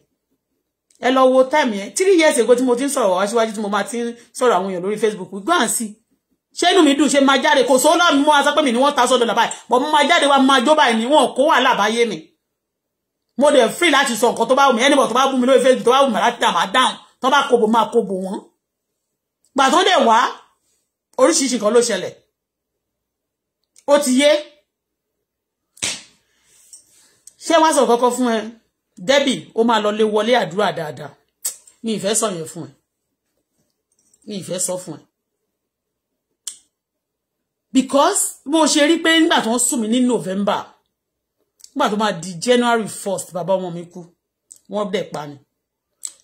ẹ lọ wo time yẹn three years ago ti mo tin ń sọ̀rọ̀ wá ti mo máa ti ń sọ̀rọ̀ àwọn èèyàn lórí Facebook gbọ́n sí i ṣé inú mi dùn ṣe máa jáde kò sówó láàmú aṣọ pé mi ní one thousand dollar báyìí bọ́ máa jáde wa máa jó báyìí ni wọn kó wà lábáyé mi mo dẹ̀ free láti sọ nǹkan tó bá wù mí anybody tó bá bú mi lórí facebook tó bá wù mí láti dà máa dáhùn tó bá kobo máa kobo wọn gbà tó dẹ̀ wá oríṣiríṣi nǹkan ló ṣẹlẹ̀ ó ti yé ṣé wá sọ kọ́kọ́ fún ẹ Debbie ó máa lọ lé wọlé àdúrà dáadáa mi ìfẹ́ sọ yẹn fún ẹ mi ìfẹ́ sọ fún ẹ because bó ṣe rí pé nígbà tó ń sùn mí November nígbà tó máa di January 1st bàbá ọmọ mi kú wọ́n dẹ̀ pa ni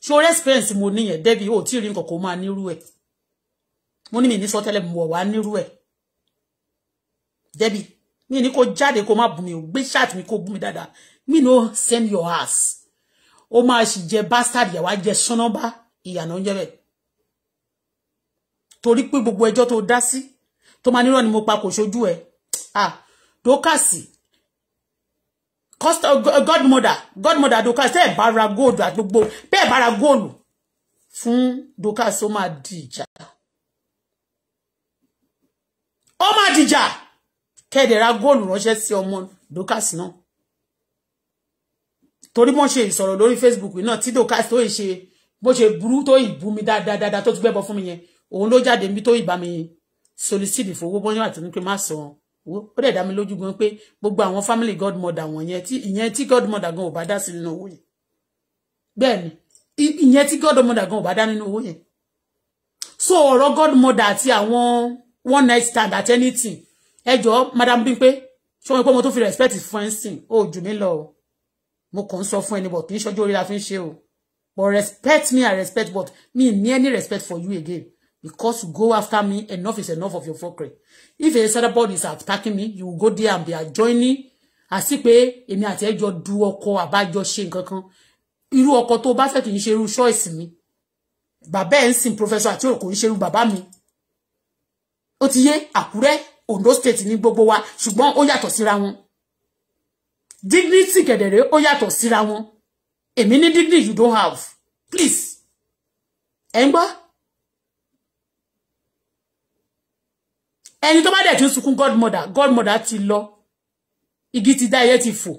ṣó experience mo níyẹn débi ò tí ì rí nǹkan kó máa nírú ẹ̀ mo ní mi ní sọ tẹ́lẹ̀ mo wà nírú ẹ̀ débi mi ní kó jáde kó má bù mí o gbé ṣáàtì mi kó bù mí dáadáa mi ní send your ass ó máa sì jẹ bastard yà wá jẹ sọnọba ìyànà ń jẹ bẹ torí pé gbogbo ẹjọ́ tó dá Si tó máa nírọ̀ ni mo pa kò ṣojú ẹ̀ ah dókàsì godmother godmother dókàsì tẹ́ ẹ̀ bá ra góòlù àti gbogbo bẹ́ẹ̀ bá ra góòlù fún dókàsì ó máa di ìjà ó máa dìjà ra góòlù ránṣẹ́ sí ọmọ dókàsì náà torí mo ṣe ìsọ̀rọ̀ lórí Facebook náà tí dókàsì tó ṣe bó ṣe burú tó ìbú mi dáadáa tó ti gbẹ́bọ fún mi yẹn òun ló jáde níbi tó ìbá mi solicite fowó bọ́yọ́ àti ní pé má san owó ó dẹ̀ dá mi lójú gan pé gbogbo àwọn family godmother wọ̀nyẹn tí ìyẹn tí godmother gan ò bá dá sí nínú owó yẹn bẹ́ẹ̀ ni ìyẹn tí godmother gan ò bá dá nínú owó yẹn so ọ̀rọ̀ godmother àti àwọn one night stand at anything ẹjọ́ madam Bímpé ṣé wọn pé ọmọ tó fi respect fún ẹ̀sìn ó jù mí lọ mo kàn ń sọ fún ẹni bọ̀ kì í ṣọjọ́ orí la fi ń ṣe o but respect me i respect but me ní any respect for you again because you go after me enough is enough of your fokre if a certain body is attacking me you go there and they are joining àti pé èmi àti ẹjọ du ọkọ àbájọ ṣe nǹkan kan irú ọkọ tó bá fẹ́ kì í ṣe choice mi bàbá ẹ̀ ń sìn professor àti òkò ń ṣe irú bàbá mi ó ti yé Àkúrẹ́ Ondo state ní gbogbo wa ṣùgbọ́n ó yàtọ̀ síra wọn dignity kẹ̀dẹ̀rẹ́ ó yàtọ̀ síra wọn èmi ní dignity you don't have please ẹ̀ ẹni tó bá dẹ̀ tún sunkún godmother godmother ti lọ igi ti dá ẹyẹ ti fò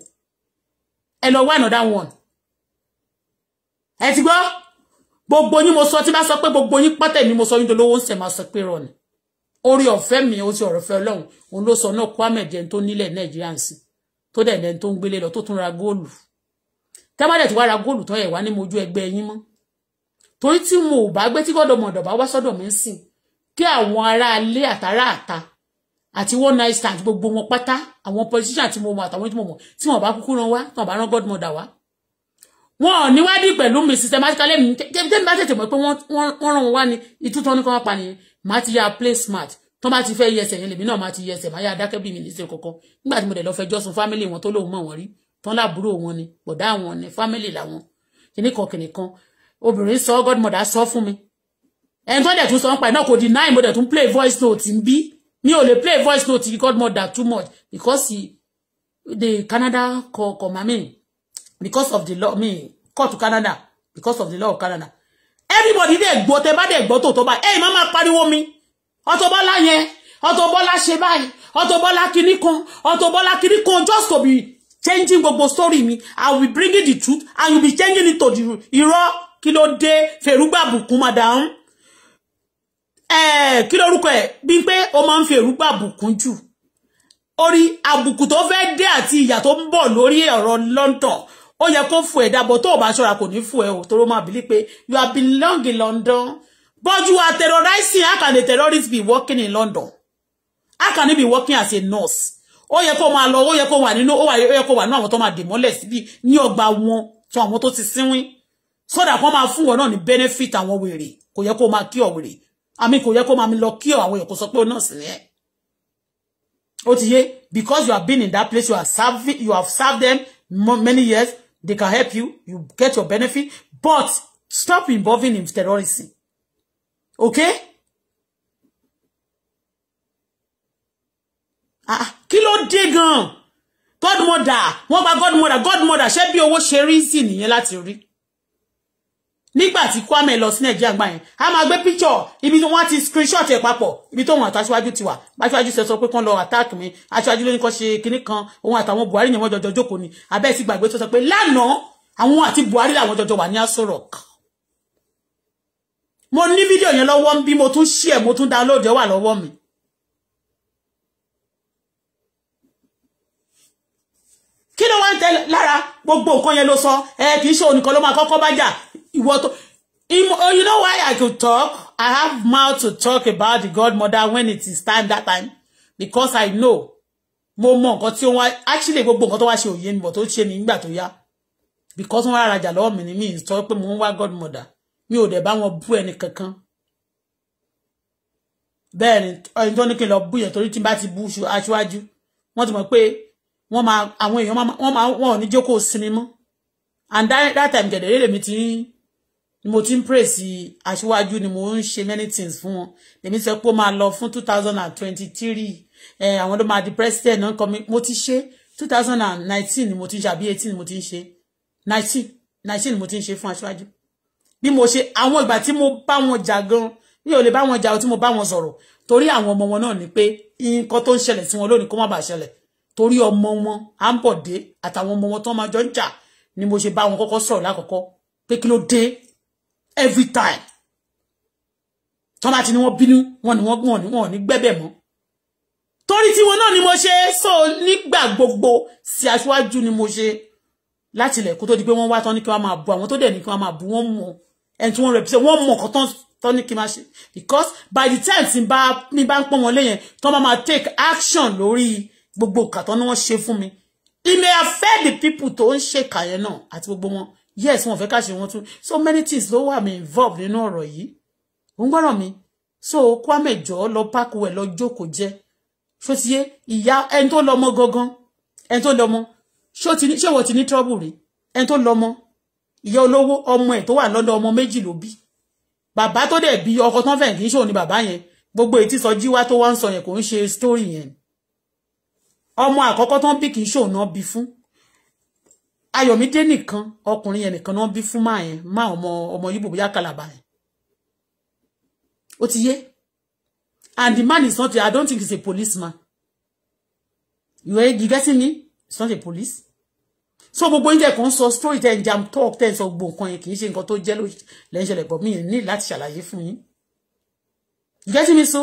ẹ lọ wá another one ẹ ti gbọ́ gbogbo yín mo sọ tí bá sọ pé gbogbo yín pọ́tẹ̀ ni mo sọ yín tó lówó ń sẹ̀ máa sọ pé rọ ni orí ọ̀fẹ́ mi ó ti ọ̀rọ̀fẹ́ ọlọ́run òun ló sọ náà Kwame jẹun tó nílẹ̀ Nàìjíríà ń sìn tó dẹ̀ lẹ́ni tó ń gbélé lọ tó tún ra góòlù tẹ́mọ́dẹ̀ tí wàá ra góòlù tán ẹ̀ wá ní mojú ẹgbẹ́ yín mọ́ torí tí mo ò bá gbé tí gbọ́dọ̀ mọ̀dọ̀ bá wá sọ́dọ̀ mi ń sìn pé àwọn aráalé àtàrà àta àti one night stand gbogbo wọn pátá àwọn politician tí mo mọ àtàwọn tí mo mọ tí wọn bá kúkú rán wá tí wọn bá rán godmother wá wọn ò níwádìí pẹ̀lú mi systematically mi tẹ́mi bá tètè mọ̀ pé wọ́n rán wọn wá ní ìtútọ́ ní kí wọ́n pa nìyẹn màá ti ya play smart tó bá ti fẹ́ yẹsẹ̀ yẹn lèmi náà máa ti yẹsẹ̀ máa yá adákẹ́ bí mi níṣẹ́ kọ̀ọ̀kan nígbà tí mo dẹ̀ lọ fẹjọ́ sun fámìlì wọn tó lóun mọ̀ wọ́n rí tán láàbúrò wọn ni bọ̀dá wọn ni fámìlì làwọn kìnnìkan kìnnìkan obìnrin sọ godmother sọ fún mi ẹni tó dẹ̀ tún sọ ń pa iná deny mo dẹ̀ tún play voice note ń bí mi ò lè play voice note yìí mother, too much because he, the Canada call call mami because of the law me call to Canada because of the law of Canada everybody dẹ̀ gbọ́ tẹ bá dẹ̀ gbọ́ tó tó báyìí ẹ̀yin máa máa pariwo mi Auto Bola yẹn Auto Bola ṣe báyìí Auto Bola kinní kan Auto Bola kinní kan just to be changing gbogbo story mi i will be bringing the truth and you be changing it to the irọ́ kí ló dé fèrúgbà bùkún madam ẹ̀ eh, kí lórúkọ ẹ̀ bí pé ó máa ń fi èrúgbà bùkún jù orí àbùkù tó fẹ́ dé àti ìyà tó ń bọ̀ lórí ọ̀rọ̀ London ó yẹ kó fún ẹ dábọ̀ tó o bá ṣọ́ra kò ní fún ẹ o tó máa bìlí pé you have been long in London but you are terrorizing how can a terrorist be working in London how can he be working as a nurse ó yẹ kó máa lọ ó yẹ kó wà nínú ó yẹ kó wà nínú àwọn tó máa dèmọ́lẹ̀ síbi ní ọgbà wọn tó àwọn tó ti sínwín sódà kan máa fún wọn náà ní benefit àwọn wèrè kò yẹ kó máa kí ọ wèrè àmì kò yẹ kó máa mi lọ kí àwọn èèyàn kó sọ pé ó nọ́ọ̀sì ni ẹ ti yé because you have been in that place you have served you have served them many years they can help you you get your benefit but stop involving in terrorism okay. ah kilo ló gan godmother wọ́n gba godmother godmother ṣé bí owó ṣe rí sí nìyẹn láti nígbà tí Kwame lọ sí Nàìjíríà gbà yẹn a máa gbé píkṣọ ibi tí wọ́n ti screenshot ẹ̀ papọ̀ ibi tó wọn àti aṣíwájú ti wà aṣíwájú ṣe sọ pé kán lọ attack mi aṣíwájú ló ní kan ṣe kinní kan òun àtàwọn Buhari yẹn wọ́n jọjọ jókòó ni abẹ́ẹ̀ sì gbàgbé tó sọ pé lánàá àwọn àti Buhari làwọn jọjọ wà ní Aso Rock. mo ní fídíò yẹn lọ́wọ́ bí mo tún share mo tún download ẹ̀ wà lọ́wọ́ mi. kí ló wá ń tẹ lára gbogbo nǹkan yẹn ló sọ ẹ kì í ṣe onìkan ló máa kọ́kọ́ bá jà What? oh you know why I could talk I have mouth to talk about the godmother when it is time that time because I know mo mọ nǹkan tí ó wá actually gbogbo nǹkan tó wá ṣe òye níbọ̀ tó ṣe nígbà tó yá because wọ́n rajà lọ́wọ́ mi ni mi sọ pé mo ń godmother mi ò dẹ̀ bá wọn bú ẹni kankan bẹ́ẹ̀ ni ọyìn tó ní kí n lọ bú yẹn torí tí n bá ti bú aṣáájú wọ́n ti mọ̀ pé wọ́n máa àwọn èèyàn wọ́n máa wọ́n ò ní jókòó sinmi and that, that time gẹ̀dẹ̀ lèmi ti ni mo ti ń praise aṣíwájú ni mo ń ṣe many things fún wọn lèmi sọ pé ó máa lọ fún two thousand àwọn ló máa di president náà kọ́ mi mo ti ṣe two thousand and nineteen ni mo ti ń ṣe àbí eighteen ni mo ti ń ṣe nineteen nineteen ni mo ti ń ṣe fún aṣíwájú bí mo ṣe àwọn ìgbà tí mo bá wọn jà gan mi ò lè bá wọn jà o tí mo bá wọn sọ̀rọ̀ torí àwọn ọmọ wọn náà ni pé nǹkan tó ń ṣẹlẹ̀ sí wọn lónìí kó má bàa ṣẹlẹ̀ torí ọmọ wọn à ń bọ̀ dé àtàwọn ọmọ wọn tó máa jọ ń jà ni mo ṣe bá wọn kọ́kọ́ sọ̀rọ̀ lákọ̀ọ́kọ́ pé kí ló dé every time tọ́n bá ti ní Binu, bínú wọ́n ní wọ́n gbọ́n ní wọ́n ní gbẹ́bẹ̀ mọ́ torí tí wọn ni mo ṣe sọ nígbà gbogbo sí aṣáájú ni mo ṣe láti ilẹ̀ kó tó di pé wọ́n wá tán ní kí wọ́n máa bu àwọn tó dẹ̀ ní kí wọ́n máa bu wọ́n mọ̀ ẹni tí wọ́n rẹ̀ pèsè wọ́n mọ̀ kọ́ tán tán ní kí n because by the time tí n bá ní bá ń pọ́n wọn léyìn tán take action Lori. gbogbo nǹkan tán ni wọ́n ṣe fún mi it may affect the people to ń ṣèkà yẹn náà àti gbogbo wọn yes wọ́n fẹ́ ká ṣe wọ́n tún so many things ló wà mí involved nínú ọ̀rọ̀ yìí ò ń mi so Kwame lo lọ pákó ẹ̀ lọ jókòó jẹ́ ṣó ti yé ìyá ẹni tó lọ́mọ gangan ẹni tó lọ́mọ ṣó ti ní ṣé wọ́n ti ní trouble rí ẹni tó lọ́mọ ìyá olówó ọmọ ẹ̀ tó wà lọ́dọ̀ ọmọ méjì ló bí bàbá tó dẹ̀ bí ọkọ tán fẹ̀yìn kì í ṣòun ni bàbá yẹn gbogbo èyí tí sọ jíwá tó wá ń sọ yẹn kò story yen. ọmọ àkọ́kọ́ tán bí kì í ṣòun náà bí Ayọ̀mídé nìkan ọkùnrin yẹn nìkan náà bí fún máa yẹn máa ọmọ ọmọ yìí bòbóyá kàlàbà yẹn ó ti yé and the man is not I don't think he's a policeman you are you getting me he's not a police so gbogbo oúnjẹ kan sọ story ten jam talk ten sọ gbogbo nǹkan yẹn kì í ṣe nǹkan tó jẹ́ lẹ́ńṣẹ̀lẹ̀ pọ̀ mí ní láti ṣàlàyé fún yín you getting me so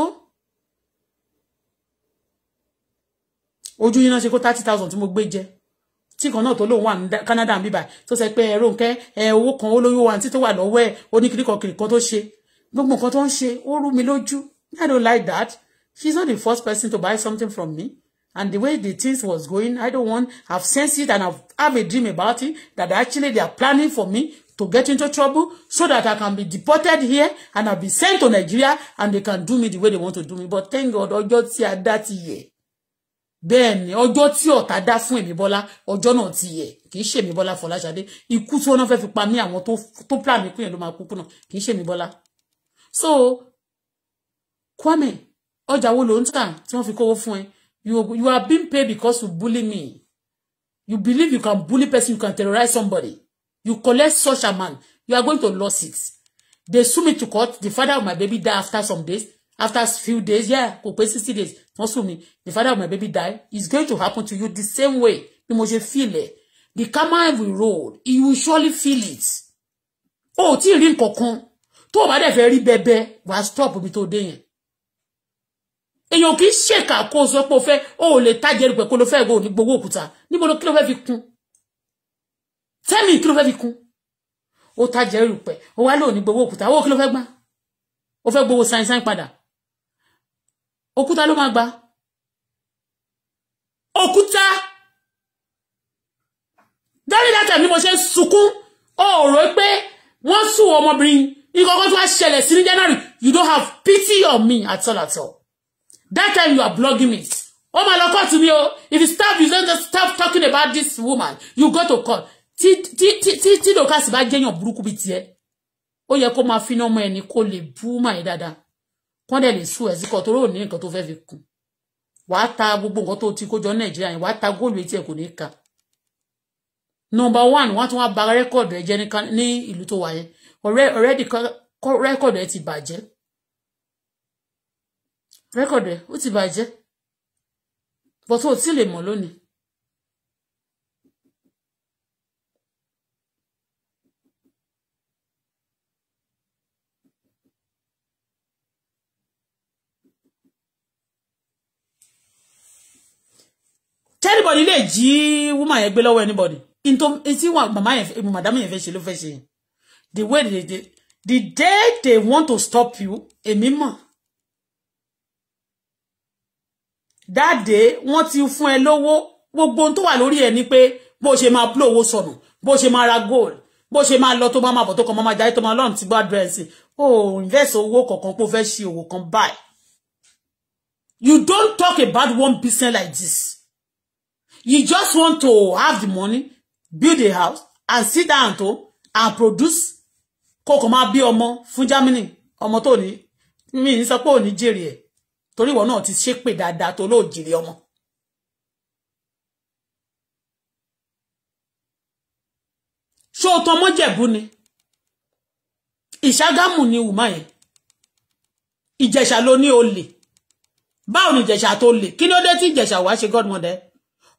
ojú yín náà ṣe kó thirty thousand tí mo gbé jẹ́ tí kan náà tó lóun wà ní Canada ń bíbà tó sọ pé ẹ̀rọ nkẹ́ ẹ̀ owó kan olówó wa tí tó wà lọ́wọ́ ẹ̀ oníkìríkọ̀kìrì kan tó ṣe gbogbo nǹkan tó ń ṣe ó rú mi lójú I don't like that she's not the first person to buy something from me and the way the things was going I don't want have sensed it and I've have a dream about it that actually they are planning for me to get into trouble so that I can be deported here and I'll be sent to Nigeria and they can do me the way they want to do me. But thank God, ọjọ́ tí a dá ti yẹ bẹ́ẹ̀ ni ọjọ́ tí ọ̀tá dá fún èmi bọ́lá ọjọ́ náà ti yẹ kì í ṣe èmi bọ́lá fọláṣadé ikú tí wọ́n náà fẹ́ẹ́ fi pa mí àwọn tó plan mi kú yẹn ló máa kú kú kì í ṣe èmi bọ́lá. so kwame ọjà wo ló ń tà tí wọ́n fi kówó fún ẹ you, are being paid because you bully me you believe you can bully person you can terrorize somebody you collect such a man. you are going to lose it they sue me to court the father of my baby die after some days after few days yeah kò pé sixty days wọ́n sùn mí the father of my baby die it's going to happen to you the same way bí mo ṣe feel ẹ̀ the karma will roll you will surely feel it o ò tí ì rí nǹkan kan tó o bá dẹ̀ fẹ́ rí bẹ́bẹ́ wàá stop ibi tó dé yẹn èèyàn kì í ṣèkà kó o sọ pé o fẹ́ o ò lè tájẹ rúpẹ́ kó ló fẹ́ gbọ́ ní gbowó òkúta níbo ló kí ló fẹ́ fi kún tẹ́mì kí ló fẹ́ fi kún o tájẹ rúpẹ́ o wá lóò ní gbowó òkúta owó kí ló fẹ́ gbá o fẹ́ gbowó sáyẹn sáyẹn padà òkúta ló máa gba òkúta dárí láti àmì mo ṣe ń sunkún ó rò pé wọ́n sùn ọmọbìnrin nǹkan kan tó wá ṣẹlẹ̀ sí ní January you don't have pity on me at all at all that time you are blogging me ó máa lọ kọ́ tù mí o if you stop you don't stop talking about this woman you go to call. court tí tí tí tí dòkásì bá jẹ́yàn burúkú bíi tiẹ̀ ó yẹ kó máa fi iná ọmọ ẹni kó lè bú màá yẹn dáadáa kán dẹ̀ lè sú ẹ̀ sí kọ́ torí ò ní nǹkan tó fẹ́ fi kù wàá ta gbogbo nǹkan tó ti kójọ nàìjíríà yẹn wàá ta góòlù etí ẹ̀ kò ní ka nọ́mbà one wọ́n tún wá ba rẹ́kọ̀dù ẹ̀ jẹ́ ní ìlú tó wà yẹn ọ̀rẹ́dì rẹ́kọ̀dù ẹ̀ ti bàjẹ́ rẹ́kọ̀dù ẹ̀ ó ti bàjẹ́ bọ́tò ò tí lè mọ̀ lónìí tẹ́nibọ̀dì lè jí woman yẹn gbé lọ́wọ́ anybody into etí wọn màmá yẹn eh, madam yẹn fẹ́ ṣe ló fẹ́ ṣe the way they dey the day they want to stop you èmi mọ̀ that day wọ́n ti fún ẹ lówó gbogbo ohun tó wà lórí ẹ ni pé bó ṣe máa blow owó sọnù bó ṣe máa ra gold bó ṣe máa lọ tó máa máa bọ̀ tó kàn máa máa jáde tó máa lọ́rùn tí bá dírẹ́sì o invest owó kọ̀ọ̀kan pé o ṣe òwò kan báyìí you don't talk about one business like this. You just want to have the money, build a house, and sit down to and produce kókò máa bí ọmọ fún Germany ọmọ tó ní mi ń sọ pé ò ní jèrè ẹ torí ìwọ náà ti ṣépè dáadáa tó lóò jèrè ọmọ. ṣó o tan ni ìṣàgámù ni wùmá yẹn ìjẹ̀ṣà ló o olè báwo ni ìjẹ̀ṣà tó lè kí ni ó dé tí ìjẹ̀ṣà wàá godmother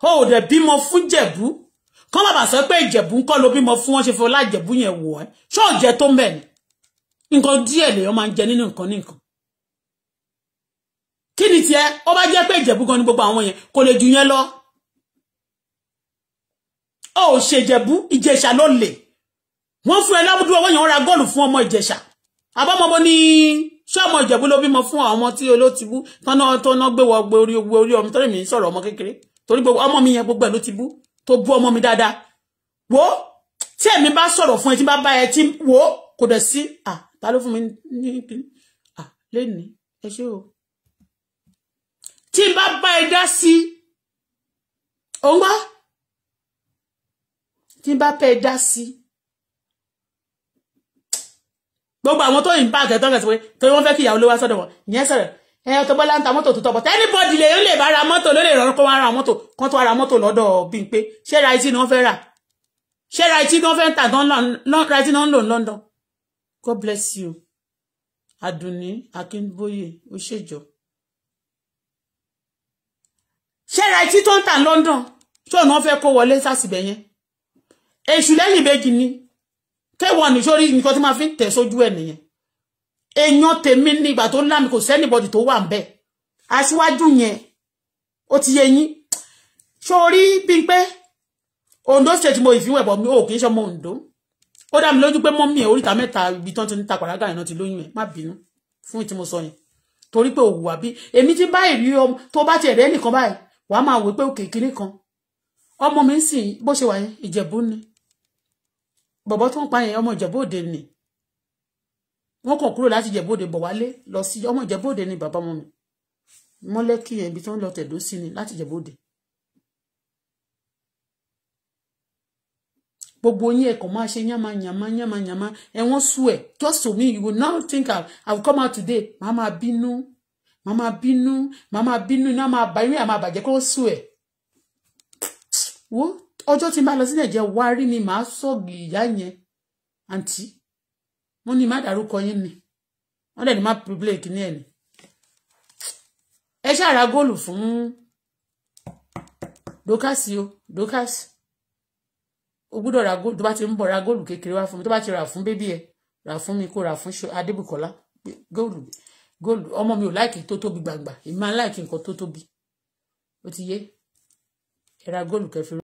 ó ò dẹ̀ bímọ fún jẹ̀bú kán bàbá sọ pé ìjẹ̀bú ń kọ́ ló bímọ fún wọn ṣe fi ọlá ìjẹ̀bú yẹn wò ẹ́ ṣó ò jẹ tó ń bẹ̀ ni nǹkan díẹ̀ lèèyàn máa ń jẹ nínú nǹkan ní nǹkan kí ni tiẹ̀ ó bá jẹ́ pé ìjẹ̀bú gan ni gbogbo àwọn yẹn kò lè ju yẹn lọ ó ò ṣèjẹ̀bú ìjẹ̀ṣà ló lè wọ́n fún ẹ lábúdú ọwọ́ yẹn wọ́n ra góòlù fún ọmọ ìjẹ̀ṣà àbọ́mọmọ ní ṣé ọmọ ìjẹ̀bú ló bímọ fún àwọn ọmọ tí olótìbú tọ́nà tọ́nà gbé wọ gbé orí orí ọmọ tọ́rẹ̀mí sọ̀rọ̀ ọmọ tori gbogbo ọmọ mi yẹn gbogbo ẹ̀ ló ti bú tó bú ọmọ mi dáadáa wo tí èmi bá sọ̀rọ̀ fún ẹ tí bá bá ẹ tí wo kò dẹ̀ sí à ta ló fún mi ní à lẹ́ni ẹ ṣé o tí n bá bá ẹ dá sí òun wá tí n bá pẹ́ ẹ dá sí gbogbo àwọn tó yìn bá àtẹ̀tọ́ kẹsì pé torí wọ́n fẹ́ kí ìyàwó ló wá sọ́dọ̀ wọn ẹ Auto Bola ń ta mọ́tò tó tọ́ bọ̀tẹ́ anybody lè lè bá ra mọ́tò ló lè rọrùn kó wá ra mọ́tò kán tó wá ra mọ́tò lọ́dọ̀ Bímpé ṣé ra etí náà fẹ́ rà ṣé ra etí náà fẹ́ ń tà ra etí náà ń lò ní London God bless you Adùnní Akínbóyè ó ṣèjọ ṣé ra etí tó ń tà London tí òun náà fẹ́ kó wọlé sásìbẹ̀ yẹn èṣù lẹ́yìn ìbejì ni kéwọn nìṣó rí nǹkan tí máa fi ń tẹ̀ sójú ẹ̀ nìyẹn èèyàn tèmi ni ìgbà tó lámì kò sẹ́nìbọ̀dì tó wà ń bẹ̀ aṣíwájú yẹn ó ti yẹ yín sórí bíi pé Ondo state mo ìfihàn ẹ̀bọ̀ mi ò kì í ṣọmọ Ondo ó dá mi lójú pé mọ́mí ẹ̀ oríta mẹ́ta ibi tán ti ń ta pàrágà yẹn náà ti lóyún ẹ̀ má bínú fún ìtí mo sọ tori pe pé òwúwà bí èmi ti bá ìrírí ọmọ tó bá ti ẹ̀rẹ́ nìkan báyìí wàá máa wò pé òkè kínní kan ọmọ mi ń sìn bó ṣe wà yẹn ni bọ̀bọ̀ tó pa yẹn ọmọ Ìjẹ̀bú ni wọ́n kàn kúrò láti Ìjẹ̀bú-Òde bọ̀ wálé lọ sí ọmọ Ìjẹ̀bú-Òde ni bàbá ọmọ mi mọ́lẹ́kì yẹn ibi tí wọ́n lọ tẹ̀dó sí ni láti Ìjẹ̀bú-Òde. gbogbo yín ẹ kàn máa ṣe yánmá yánmá yánmá yánmá ẹ wọ́n sú ẹ̀ just to me you will now think I, will come out today màá máa bínú màá máa bínú màá máa bínú iná máa bá irin àmà àbàjẹ́ kó sú ẹ̀ wo ọjọ́ tí n bá lọ sí Nàìjíríà wá rí mi màá sọ̀gì ìyá yẹn àǹtí wọ́n ní má dárúkọ yín ni wọ́n dẹ̀ ní má privilege ní ẹ̀ ni ẹ ṣàrà góòlù fún dókàsì o dókàsì o gbúdọ̀ ra góòlù tó bá ti ń bọ̀ ra góòlù kékeré wá fún mi tó bá ti rà fún bébí ẹ rà fún mi kó rà fún Adébùkọ́lá góòlù góòlù ọmọ mi ò láìkì tó tóbi gbàgbà èmi láìkì nǹkan tó tóbi ó ti yé ẹ ra góòlù kẹfì.